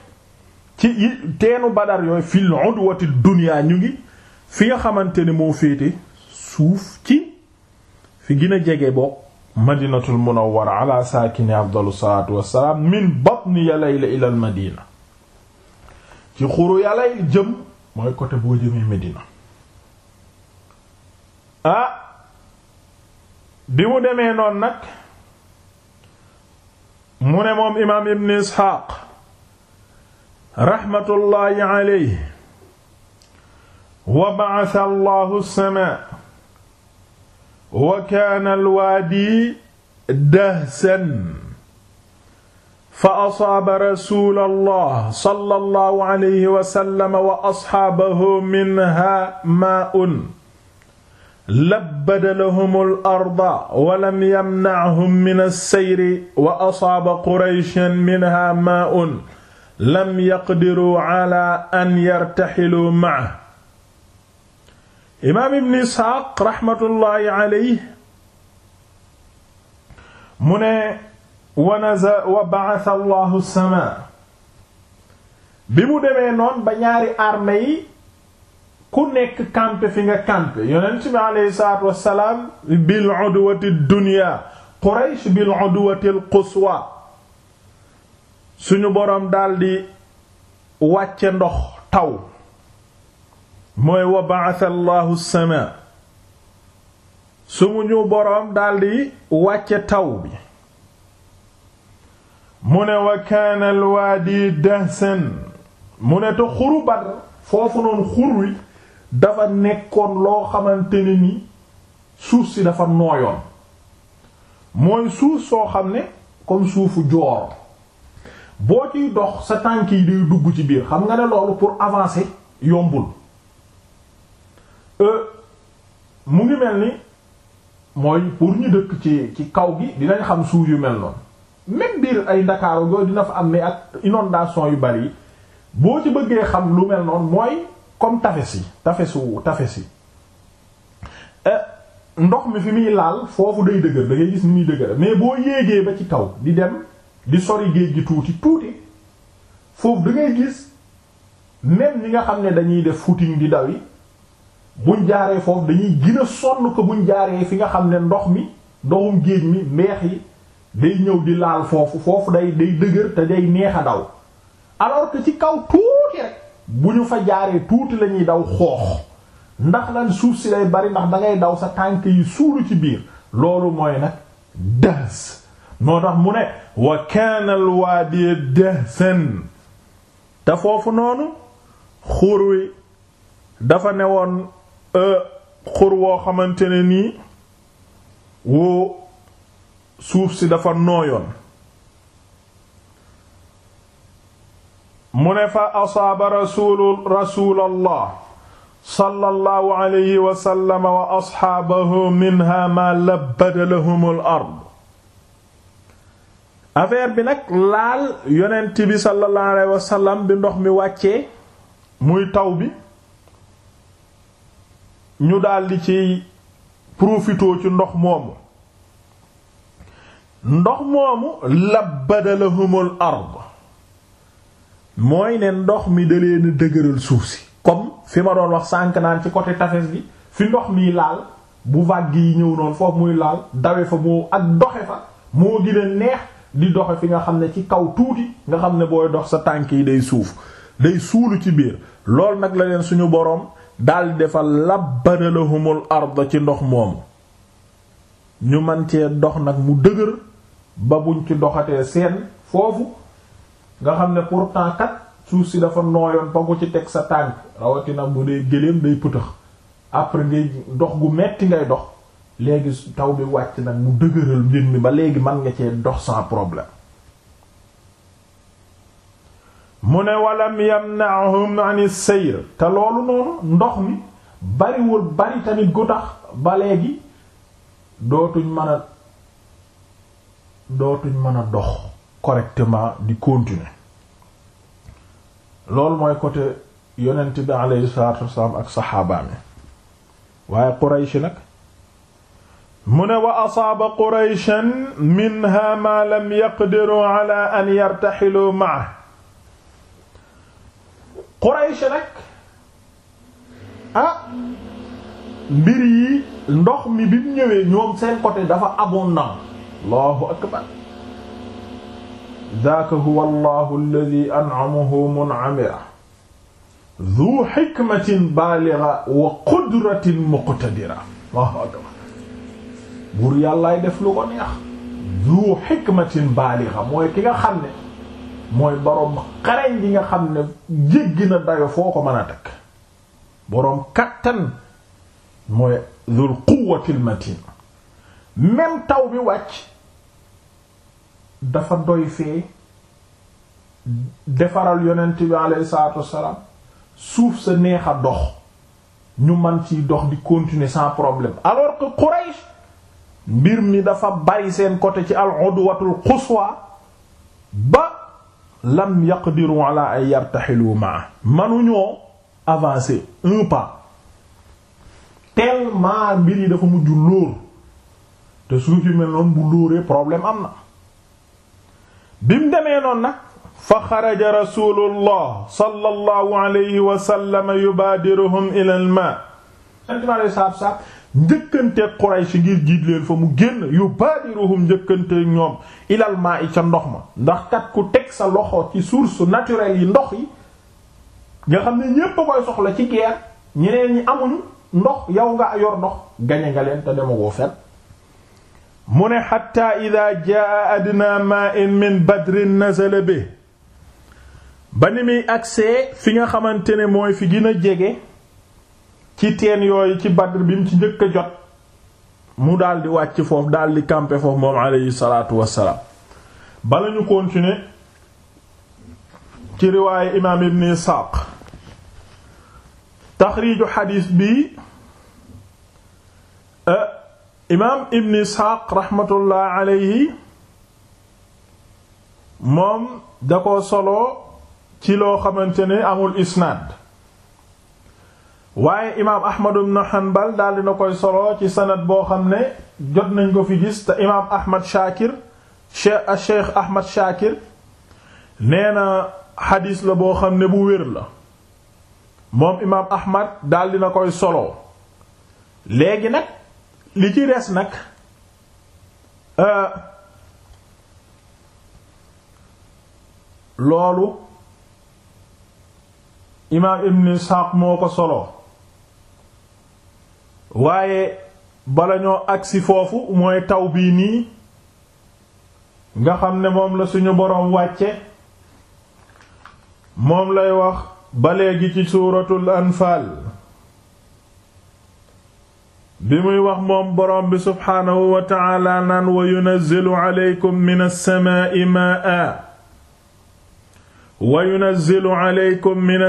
ci teenu badar yooyu fil udwati dunya ñu ngi fi nga xamante ne moo féete suuf ci fi gina jege bokk madinatul munawwara ala saakini afdalu salaatu wassalaam min batni yalayla ila al ci xuru yalay jëm mooy côté boo jëmee Medina ah bi mu demee noonu nag mu ne moom imaam ibn Isxaaq raxmatullaahi alayhi wa ba'atha allahu samaa wa kaana alwaadi dahsan fa asaaba rasuulallah sallallahu alayhi wa sallam wa asxaabahu minhaa maa'un labbada lahumul arda wa lam yamna'hum mina sayri wa asaaba qurayshan minhaa maa'un lam yaqdiru ala an yartaxilu maa imaam ibn isxaaq raxmatullaahi aleyhi mu ne wa naza wa ba'atha allahu samaa bi mu demee noon ba ñaari armée yi ku nekk campé fi nga campé yonent bi aleyhi salaatu wassalaam bil udwati dunya quraysh bil udwati al quswa suñu boroom daldi wàcce ndox taw mooy wa ba'atha Allahu as-samaa suñu boroom daldi wàcce taw bi mu ne wa kaana al-waadi dahsan mu ne te xuru Badr foofu noonu xur wi dafa nekkoon loo xamante ne ni suuf si dafa nooyoon mooy suuf soo xam ne comme suufu joor boo ciy dox sa tànk yi day dugg ci biir xam nga ne loolu pour avancer yombul euh, mu ngi mel ni mooy pour ñu dëkk ci ci kaw gi dinañ xam suuf yu mel noonu même biir ay Ndakaaru yooyu dina fa am ne ak inondation yu bari boo ci bëggee xam lu mel noon mooy comme tafes yi tafesu tafes yi euh, ndox mi fi muy laal foofu day dëgër da ngay gis ni muy dëgër mais boo yéegee ba ci kaw di dem di sori géej gi tuuti tuuti foofu da ngay gis même ñi nga xam ne dañuy def footing di daw yi buñ jaaree foofu dañuy gën a sonn ko buñ jaaree fi nga xam ne ndox mi ndoxum géej mi meex yi day ñëw di laal foofu foofu day day dëgër te day neex a daw alors que ci kaw tuuti rek bu ñu fa jaaree tuuti la ñuy daw xoox ndax lan suuf si day bari ndax da daw sa tànk yi suulu ci biir loolu mooy nag das moo tax mu ne wa kaana al waadi dehsen te foofu noonu xur wi dafa newoon e, xur woo xamante ne nii woo suuf si dafa nooyoon mu ne fa asaaba rasulu rasulallah sallallahu alayhi wa sallam wa asxaabahu minha ma labbada lahum al affaire bi nag laal yonent bi sallallahu alayhi bi ndox mi wàcce muy taw bi ñu daldi ci profitoo ci ndox moomu ndox moomu labbadalahumul ard mooy ne ndox mi da leen dëgëral suuf si comme fi ma doon wax sànk naan ci côté tafes bi fi ndox mi laal bu vague yi ñëw noonu foofu muy laal dawe fa moo ak doxe fa moo gën neex di doxe fi nga xam ne ci kaw tuuti nga xam ne booy dox sa tànk yi day suuf day suulu ci biir loolu nag la leen suñu boroom daal defal labbanalahumul arda ci ndox moomu ñu man cee dox nag mu dëgër ba buñ ci doxatee seen foofu nga xam ne pourtant kat suuf si dafa nooyoon ba ci teg sa tànk rawatina bu dee gëléem day pëtëx après ngay dox gu metti ngay dox léegi taw bi wàcc nag mu dëgëral mbir mi ba léegi man nga ci dox sans problème mu ne walam naa ni sayr te loolu noonu ndox mi bariwul bari tamit gu tax ba léegi dootuñ mën a dootuñ mën a dox correctement di continuer loolu mooy côté yonent bi alayhi salaatu wasalaam ak saxaabaami waaye Quraysh nag mu ne wa asaaba qurayshan minha ma lam yaqdiru ala an yartaxilu maa quraysh nag ah mbir yi ndox mi bi mu ñëwee ñoom seen côté dafa abondant allahu akbar daaka huwa allahu alladi an'amahu mun'amira dhu hikmatin baligha wa qudratin muqtadira allahu akbar buur yàllaay def lu ko neex zu hikmatin baalixa mooy ki nga xam ne mooy boroom xarañ gi nga xam ne jéggi na dayo foo ko mën a takk boroom kattan mooy zul quwwatil matin même taw bi wàcc dafa doy fee defaral yonent bi alayhi salaatu wassalaam suuf sa neex a dox ñu man ciy dox di continuer sans problème alors que Quraysh mbir mi dafa bari seen côté ci al udwatul quswa ba lam yaqdiru ay yartaxilu maa manuñoo avancer un pas tellement mbir yi dafa mujj lóor te suuf yi mel noonu bu lóoree problème am na bi mu demee noonu nag fa xaraja rasulullah sallallahu alayhi wa sallam yubaadiruhum ila al maa njëkkanteeg Quraysh ngir jiit fa mu génn yu baadiruhum njëkkanteeg ñoom ilal maa i ca ndox ma ndax kat ku teg sa loxo ci source naturelle yi ndox yi nga xam ne ñépp a koy soxla ci guerre ñeneen ñi amuñu ndox yow nga yor ndox gañe nga leen te demagoo fen mu ne xatta ida jaa adna ma'in min badrin nazala bi ba ni muy agsee fi nga xamante ne mooy fi gën jege ci teen yooyu ci Badr bi ci njëkk a jot mu daldi wàcc foofu daldi camper foofu moom aleyhi salaatu wassalaam bala ñu continuer ci riwaaye imaam ibn Isaaq taxriiju xadiis bi eh, imaam ibn Isaaq raxmatullah aleyhi moom da ko solo ci loo xamante ne amul isnaad waaye imaam Ahmad ibn Hanbal daal dina koy solo ci sanad boo xam ne jot nañ ko fi gis te imaam Ahmad Shakir cheikh cheikh Ahmad Shakir nee na xadiis la boo xam ne bu wér la moom imaam Ahmad daal dina koy solo léegi nag li ci res nag euh, loolu imaam Ibn Ishaq moo ko solo. waaye balañoo agsi foofu mooy taw bii nii nga xam ne moom la suñu boroom wàcce moom lay wax ba léegi ci suuratul anfaal bi muy wax moom boroom bi subxaanahu wa taala naan wa yunazzilu aleykum min as-samaa'i maa'an wa yunazzilu aleykum min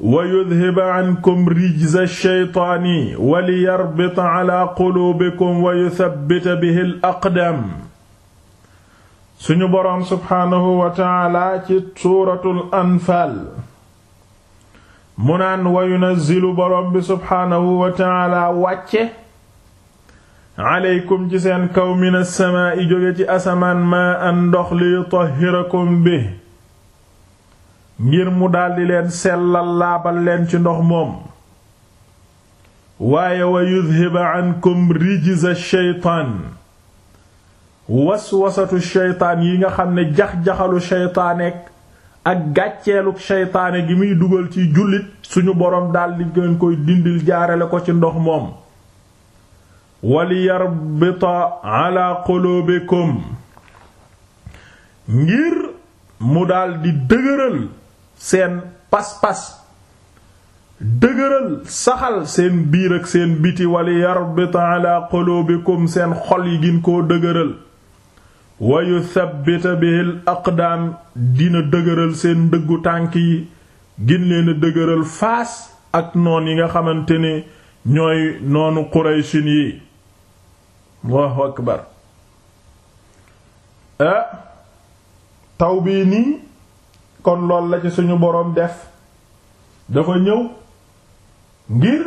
wa yudhiba ankum rijza shaytaani wa liyarbita ala quluubikum wa yuthabbita bihi al aqdaam suñu boroom subxaanahu wa taala ci suuratul anfaal mu naan wa yunazzilu boroom bi subxaanahu wa taala wàcce aleykum ci seen kaw min assamaa'i jóge ci asamaan maa an ndox li yutahhirakum bihi ngir mu daldi leen sellal laabal leen ci ndox moom waaye wa yudhiba ankum rijza shaytaan waswasatu shaytaan yi nga xam ne jax-jaxalu shaytaaneek ak gàcceelu shaytaane gi muy dugal ci jullit suñu boroom daldi ngeen koy dindil jaarale ko ci ndox moom waliyarbita ala qulubikum ngir mu daldi dëgëral seen pas-pas dëgëral saxal seen biir ak seen biti wali yarbita ala qulubikum seen xol yi gin koo dëgëral wa yuthabbita bihil aqdaam dina dëgëral seen dëggu tànk yi gin leen dëgëral faas ak noon yi nga xamante ne ñooy noonu quraysin yi allahu eh, taw bii nii kon lool la ci suñu boroom def dafa ñëw ngir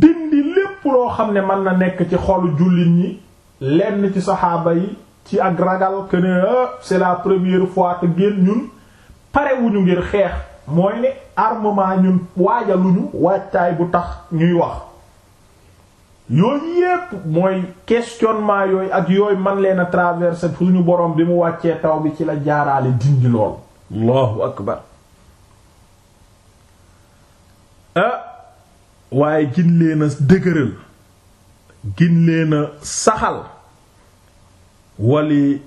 dindi lépp loo xam ne mën na nekk ci xolu jullit ñi lenn ci saxaaba yi ci ak ragal que ne ah, la première fois te génn ñun parewuñu ngir xeex mooy armement ñun waajaluñu waajtaay bu tax ñuy wax yooyu yépp mooy questionnement yooyu ak yooyu man leen a traverser suñu boroom bi mu wàccee taw bi ci la jaaraale dindi lool allahu akbar ah waaye gin leen a dëgëral gin leen a saxal wali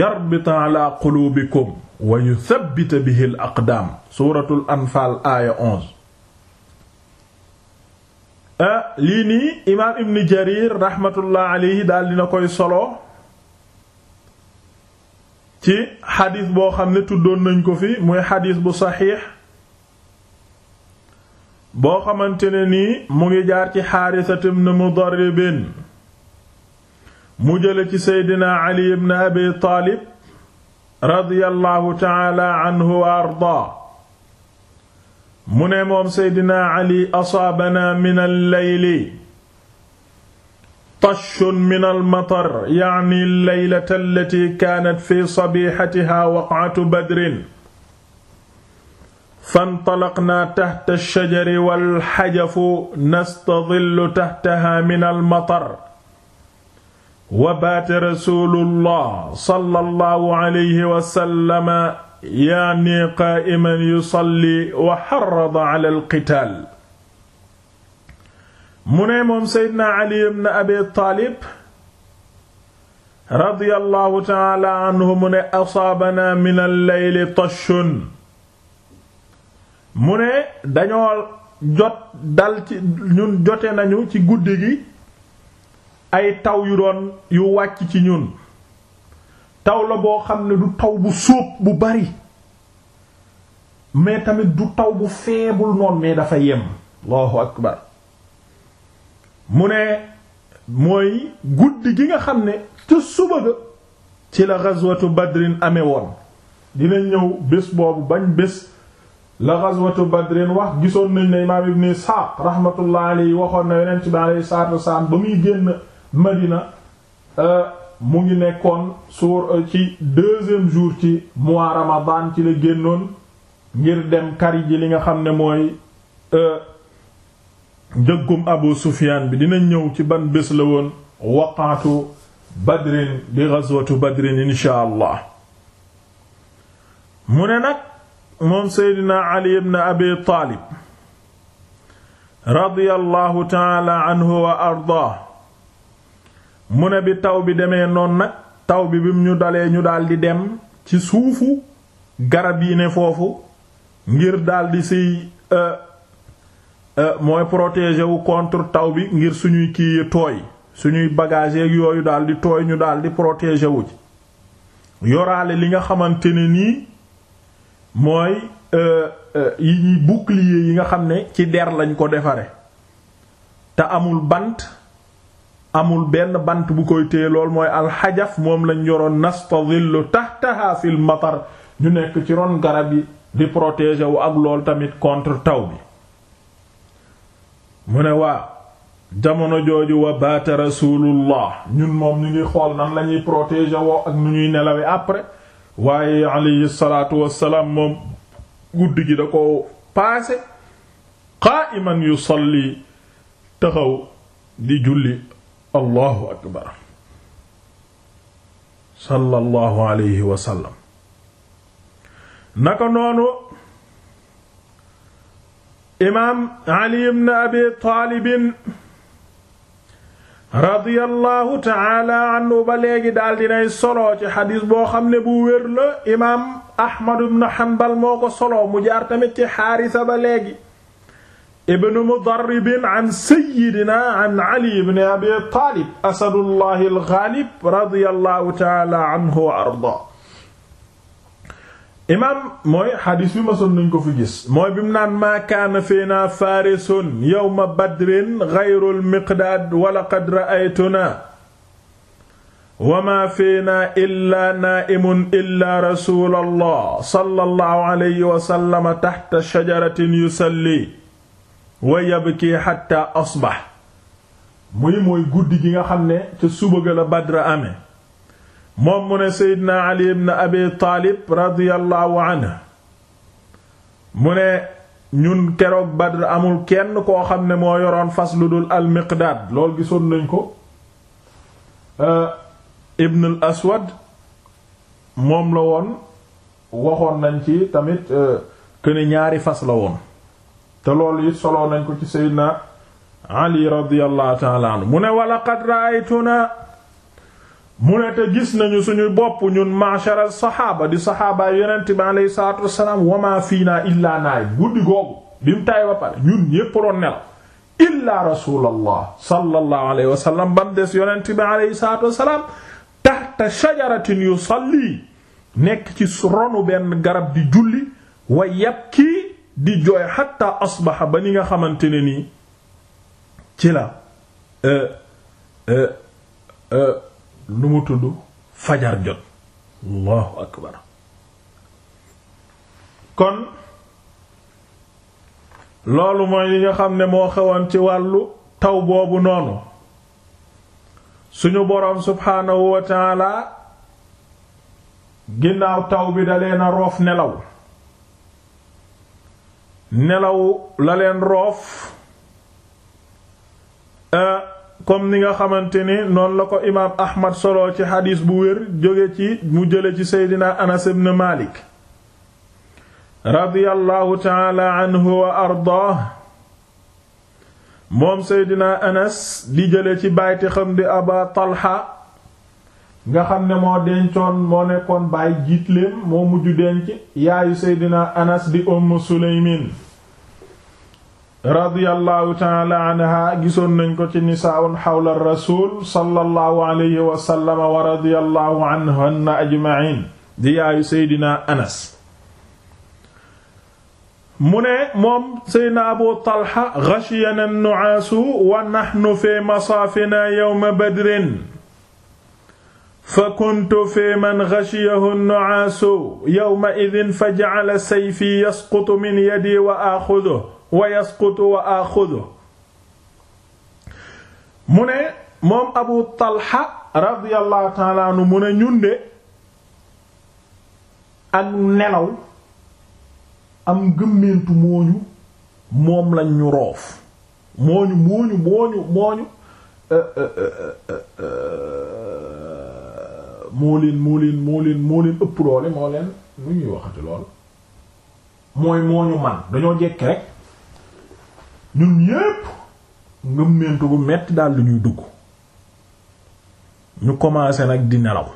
yarbita ala qulubikum wa yuthabbita bihi al aqdaam suuratul anfaal aaya onze ah lii nii imaam ibn jarir rahmatullah alayhi daal dina koy solo ci xadis boo xam ne tuddoon nañ ko fi muy xadis bu saxiix boo xamante ne nii mu ngi jaar ci xaarisata ibn mudarribin mu jële ci seydina ali ibn abi taalib radiyallahu taala anhu wa ardaa mu ne moom seydina ali asaabana min al-layli tashun min almatar yaani leylata allati kaanat fi sabixatiha waqatu badrin fantalaqnaa taxta alshajari walxajafu nastadillu taxtaha min almatar wa baata rasulullah sallallahu alayhi wa sallam yaani qaa'iman yusalli wa xarada ala alqitaal mu ne moom seydna ali ibn abi taalib radiyallahu taala anhu mu ne asaabanaa min al-layli tashun mu ne dañoo jot dal ci ñun jote nañu ci guddi gi ay taw yu doon yu wàcc ci ñun taw la boo xam ne du taw bu sóob bu bari mais tamit du taw bu feebul noonu mais dafa yem allahu akbar mu ne mooy guddi gi nga xam ne te suba ga ci la ghazwatu badrin amee woon dina ñëw bés boobu bañ bés la ghazwatu badrin wax gisoon nañ ne imaam ibn Isxaaq rahmatullah alayhi waxoon na yonent bi alayhi salaatu wasalaam ba muy génn Madina euh, mu ngi nekkoon suur euh, ci deuxième jour ci mois Ramadan ci la génnoon ngir dem kari ji li nga xam ne mooy euh, njëggum abu sufiyaan bi dina ñëw ci ban bés la woon waqaatu badrin di ghazwatu badrin insha mu ne nag moom seydina ali ibn abi taalib radiyallahu taala anhu wa ardaa mu ne bi taw bi demee noon nag taw bi bim ñu dalee ñu daldi dem ci suufu garab yi ne foofu ngir daldi siy euh, Euh, mooy protéger wu contre taw bi ngir suñuy kii tooy suñuy bagagee yooyu daal di tooy ñu daal di protéger wu ci yoraale li nga xamante ne nii mooy euh, euh, yi ñuy bouclier yi nga xam ne ci der lañ ko defare te amul bant amul benn bant bu koy téye lool mooy alxajaf moom lañ yoroon nastadillu tahtaha fil matar ñu nekk ci ron garab yi di protéger wu ak lool tamit contre taw bi mu ne waa jamono jooju wa baata rasulullah ñun moom ñu ngi xool nan lañuy ñuy ak nu ñuy nelawe après waaye alayhi salaatu wassalaam moom guddi gi da ko paase qaaiman yusalli taxaw di julli allahu akbar sallallahu alayhi wa sallam naka noonu imaam ali ibn abi taalibin radiyallahu taala anhu ba léegi daal dinay solo ci xadis boo xam ne bu wér la imaam ahmad ibn hanbal moo ko solo mu jaar tamit ci xaarisa ba léegi ibnu mudarribin an sayidina an ali ibn abi taalib asadullahi alxaalib radiyallahu taala anhu wa arda imaam mooy xadiis bi masoon nañ fi gis mooy bi mu naan maa kaana fiinaa faarisun yawma badrin xayrul miqdaad wa laqad ra'aytunaa wa maa fiinaa illaa naa'imun illaa rasuulallah sallallahu alayhi wa sallam taxta shajaratin yusalli wa yabkii xattaa asbax muy mooy guddi gi nga xam ne ca suba ga la Badr moom mu ne seydina ali ibn abi taalib radiyallahu anhu mu ne ñun keroog badr amul kenn koo xam ne moo yoroon fas lu dul al miqdaad lool gisoon nañ ko euh, ibn al aswad moom la woon waxoon nañ ci tamit këni euh, ñaari fas la woon te loolu it soloo nañ ko ci seydina ali radiyallahu ta'ala anhu mu ne wala qad ra'aytuna mu ne te gis nañu suñu bopp ñun ma'shara saxaaba di saxaaba yonent bi alayhi salaatu wassalaam wama fii naa illaa naay guddi googu bi mu taay ba pare ñun ñépp doon nelaw illaa rasuulallah sallallahu alayhi wasallam ba des yonent bi alayhi salaatu wassalaam tahta shajaratin yusalli nekk ci ronu benn garab di julli wa yabkii di jooy hatta asbaha ba ni nga xamante ne nii ci la euh, euh, euh, lu mu tudd fajar jot allahu akbar kon loolu mooy yi nga xam ne moo xewoon ci wàllu taw boobu noonu suñu boroom subhaanahu wa taala ginnaaw taw bi da leen roof nelaw nelaw la leen roof eh, comme ni nga xamante ni noonu la ko imaam ahmad solo ci xadiis bu wér jóge ci mu jële ci seydina anas ibn malik radiyallahu taala anhu wa ardaah moom seydina anas di jële ci bayti xam di aba talha nga xam ne moo dencoon moo nekkoon baay jiitleem moo mujj denc yaayu seydina anas di umm suleymin radiyallahu taala anha gisoon nañ ko ci nisaa'un xawla rasul sallallahu alayhi wa sallam wa radiyallahu anhunna ajma'in di yaayu seydina anas mu ne moom seydina abu talha ghashiyana an-nu'aasu wa nahnu fi masaafinaa yawma badrin fa kuntu fi man ghashiyahu an-nu'aasu yawma idhin fa ja'ala sayfi yasqutu min yadi wa akhudhuhu wa yasqutu wa axudu mu ne moom abu talha radiyallahu taala anhu mu ne ñun de ak nelaw am gëmmeentu mooñu moom lañ ñu roof mooñu mooñu mooñu mooñu euh, euh, euh, moo leen moo leen moo leen moo leen ëpp doole moo leen lu ñuy waxati lool mooy mooñu man dañoo jekki rek ñun ñépp ngëmmentu bu metti daal ñuy dugg ñu commencé nag di nelaw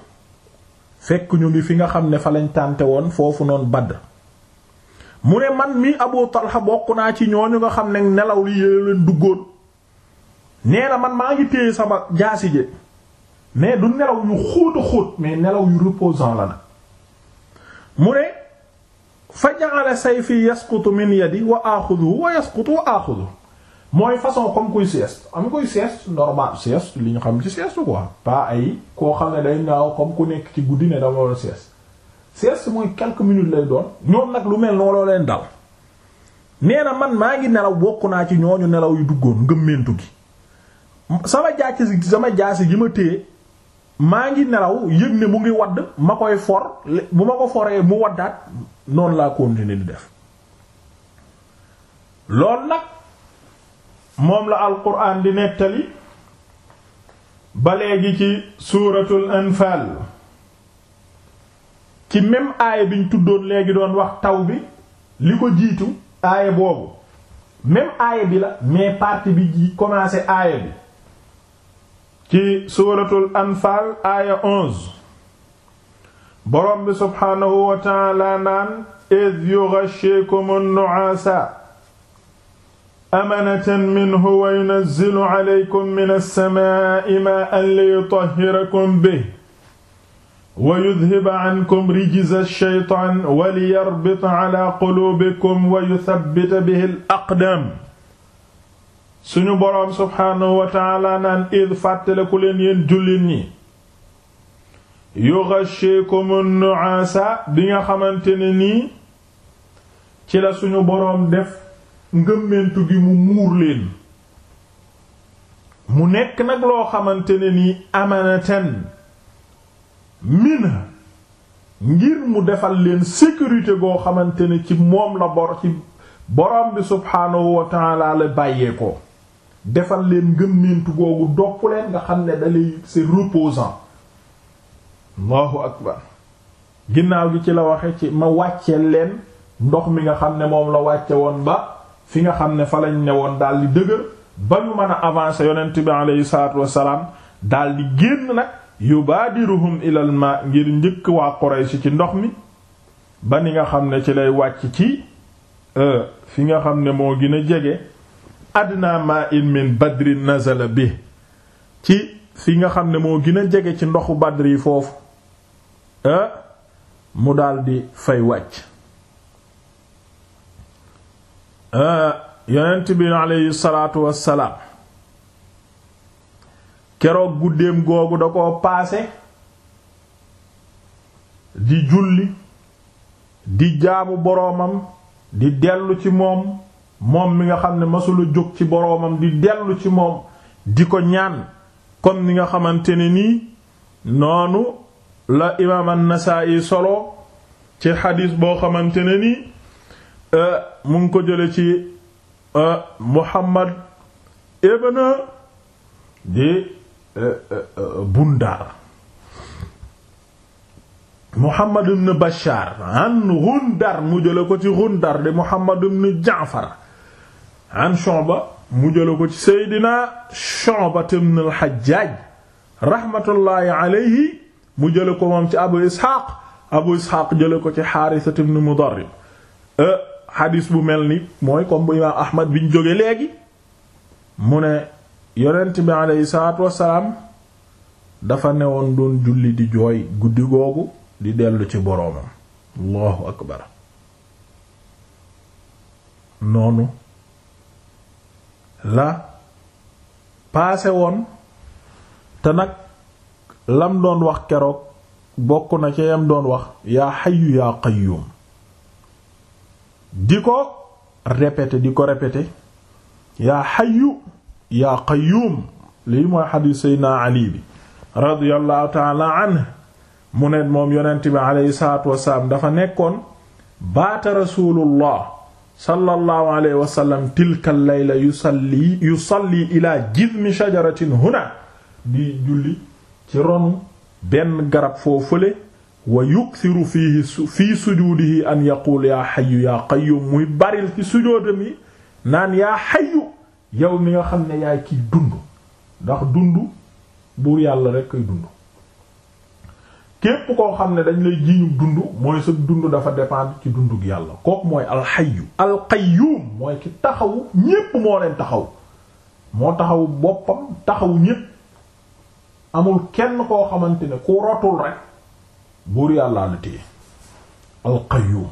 fekk ñu ngi fi nga xam ne fa lañ tànte woon foofu noonu badd mu ne man mii Abu Talha bokk naa ci ñooñu nga xam ne nelaw li yéen leen duggoon nee na man maa ngi téye sama jaasi je mais du nelaw yu xóota xóot mais nelaw yu reposant la nag mu ne fa ja'ala fi yasqutu min yadi wa axudu wa yasqutu wa axudu mooy façon comme kuy sieste am kuy ma normal sieste li ñu xam ci sieste quoi pas ay koo xam ne day naaw comme ku nekk ci guddi ne dama war a sieste sieste mooy quelques minutes lay doon ñoom nag lu mel noonu leen dal nee na man maa ngi nelaw bokk naa ci ñooñu nelaw yu duggoon ngëmmentu gi sama jaasi sama jaasi gi ma téye maa ngi nelaw yëg ne mu ngi wadd ma koy for bu ma ko foree mu waddaat noonu laa continuer di def lool nag moom la alquran di nettali ba léegi ci suuratul anfaal ci même aaya biñ tuddoon léegi doon wax taw bi li ko jiitu aaya boobu même aaya bi la mais partie bi commencé aaya bi ci suuratul anfaal aaya 11 borom bi subhaanahu wa taala naan id yughashshikum an-nu'aasa amanatan minhu wa yunazzilu alaykum min as-samaa'i maa'an liyutahhirakum bihi wa yudhhiba 'ankum rijza ash-shaytaan wa liyarbita 'alaa quluubikum wa yuthabbita bihi al-aqdaam suñu boroom subhaanahu wa taala naan id fàttaleku leen yéen jullit ñi yughashshikumu nu'asa bi nga xamante ne nii ci la suñu boroom def ngëmmentu gi mu muur leen mu nekk nag loo xamante ne nii amanatan mina ngir mu defal leen sécurité goo xamante ne ci moom la bor ci borom bi subhaanahu wa la bàyyee ko defal leen ngëmmentu googu dopp leen nga xam ne dalay c'est reposant allahu akbar ginnaaw gi ci la waxe ci ma wàcceel leen ndox mi nga xam ne moom la wàcce woon ba fi nga xam ne fa lañ ne woon daal di dëgër ba ñu mën a avancer yonent bi aleyhi salaatu wassalaam daal di génn nag yubaadiruhum ilal ma ngir njëkk waa Quraysh ci ndox mi ba ni nga xam ne ci lay wàcc ci euh, fi nga xam ne moo gën a jege adna ma'in min badrin nazala bi ci fi nga xam ne moo gin a jege ci ndoxu badr foofu mu daldi fay wàcc ah yonent bi aleyhi salaatu keroog guddeem googu da koo paase di julli di jaamu boroomam di dellu ci moom moom mi nga xam ne masula jóg ci boroomam di dellu ci moom di ko ñaan kon ni nga xamante ni nii noonu la imaam an-Nasaa'i solo ci xadiis boo xamante ne nii euh, mu ngi ko jële ci euh, Muhammad ibn di euh, Bundaar Muhammad ibn Bashaar an Gundar mu jële ko ci Gundar di Muhammad ibn Jaafar an Shu'ba mu jële ko ci Seydina Shu'ba ibn al-Hajjaj rahmatullahi alayhi mu jële ko moom ci Abu Ishaq Abu Ishaq jële ko ci Haarisa ibn Mudarrib xadis euh, bu mel ni mooy comme bu imaam Ahmad bi ñu jóge léegi mu ne yonent bi aleyhi salaatu wassalaam dafa newoon doon julli di jooy guddi googu di dellu ci boroomam allahu akbar noonu la paase woon te nag lam doon wax keroog bokk na ca yam doon wax yaa xayu yaa qayyum di ko répété di ko répété yaa xayu yaa qayyum lii mooy xadiis seydna ali bi radiyallahu taala anhu mu moom yonent bi aleyhi salaatu wasalaam dafa nekkoon baata rasulullah sallallahu alayhi wa sallam tilka layla yusalli yusalli ila jizmi shajaratin huna di julli ci ronu benn garab foo fële wa yukthiru fihi fii sujuudihi an yaqul yaa xayu yaa qayyum muy baril ci sujoodam naan yaa xayu yow mi nga xam ne yaay kiy dund ndax dund buur yàlla rekk koy dund képp koo xam ne dañ lay jiñu dund mooy sa dund dafa dépendre ci dunduk yàlla kooku mooy alxayu alqayyum mooy ki taxawu ñépp moo leen taxaw moo taxaw boppam taxawu ñépp amul kenn koo xamante ne ku rotul rek buur yàllaa la téye alqayyum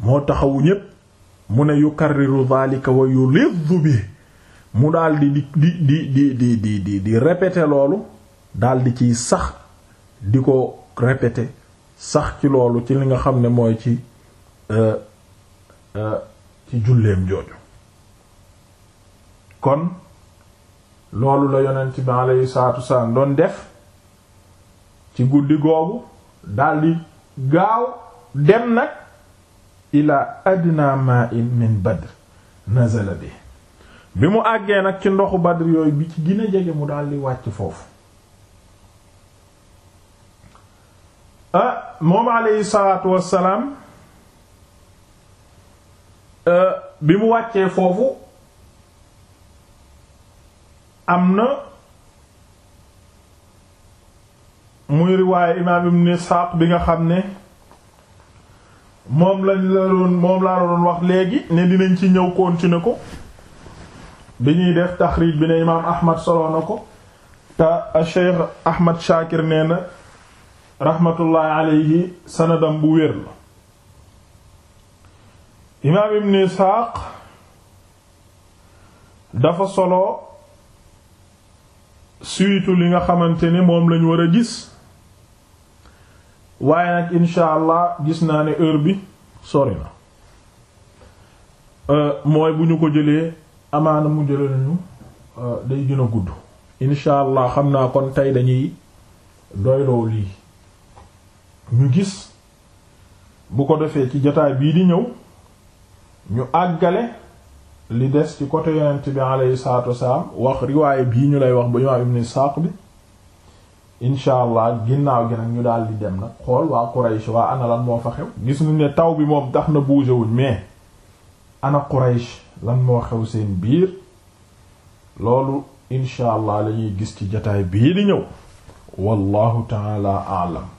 moo taxawu ñépp mu ne yukarriru dhalika wa yulidhu bi mu daal di di di di di di di di répéter loolu daal di ciy sax di ko répéter sax ci loolu ci li nga xam ne mooy ci euh, euh, ci julleem jooju kon loolu la yonent bi alayhi salaatu wasalaam doon def ci guddi googu daldi gaaw dem nag ila adna ma'in min badr nazala bi bi mu àggee nag ci ndoxu badr yooyu bi ci gën a jege mu daldi wàcc foofu ah moom aleyhi salaatu wassalaam euh, bi mu wàccee foofu am na muy riwaaye imaam ibn Isxaaq bi nga xam ne moom lañ la doon moom laa doon wax léegi ne dinañ ci ñëw continuer ko bi ñuy def taxriij bi ne imaam Ahmad solo na ko te Cheikh Ahmad Shaakir nee na raxmatullaahi sanadam bu wér la imaam ibn isxaaq dafa solo suytu li nga xamante ne moom lañu war a gis waaye nag insha allah gis naa ne heure bi sori na euh, mooy bu ñu ko jëlee amaana mu jële nañu euh, day gën a gudd insha allah xam naa kon tey dañuy doyloo lii ñu gis bu ko defee ci jotaay bii di ñëw ñu àggale li des ci côté yonent bi alayhi salaatu wasalaam wax riwaaye bii ñu lay wax ba imaam ibn Isaaq bi incha ginnaaw gi nag ñu daal di dem nag xool waa Quraysh waa ana lan moo fa xew gis nañ ne taw bi moom tax na bougé wuñ mais ana Quraysh lan moo xew seen biir loolu incha lañuy gis ci jataay bii di ñëw wallahu taala aalam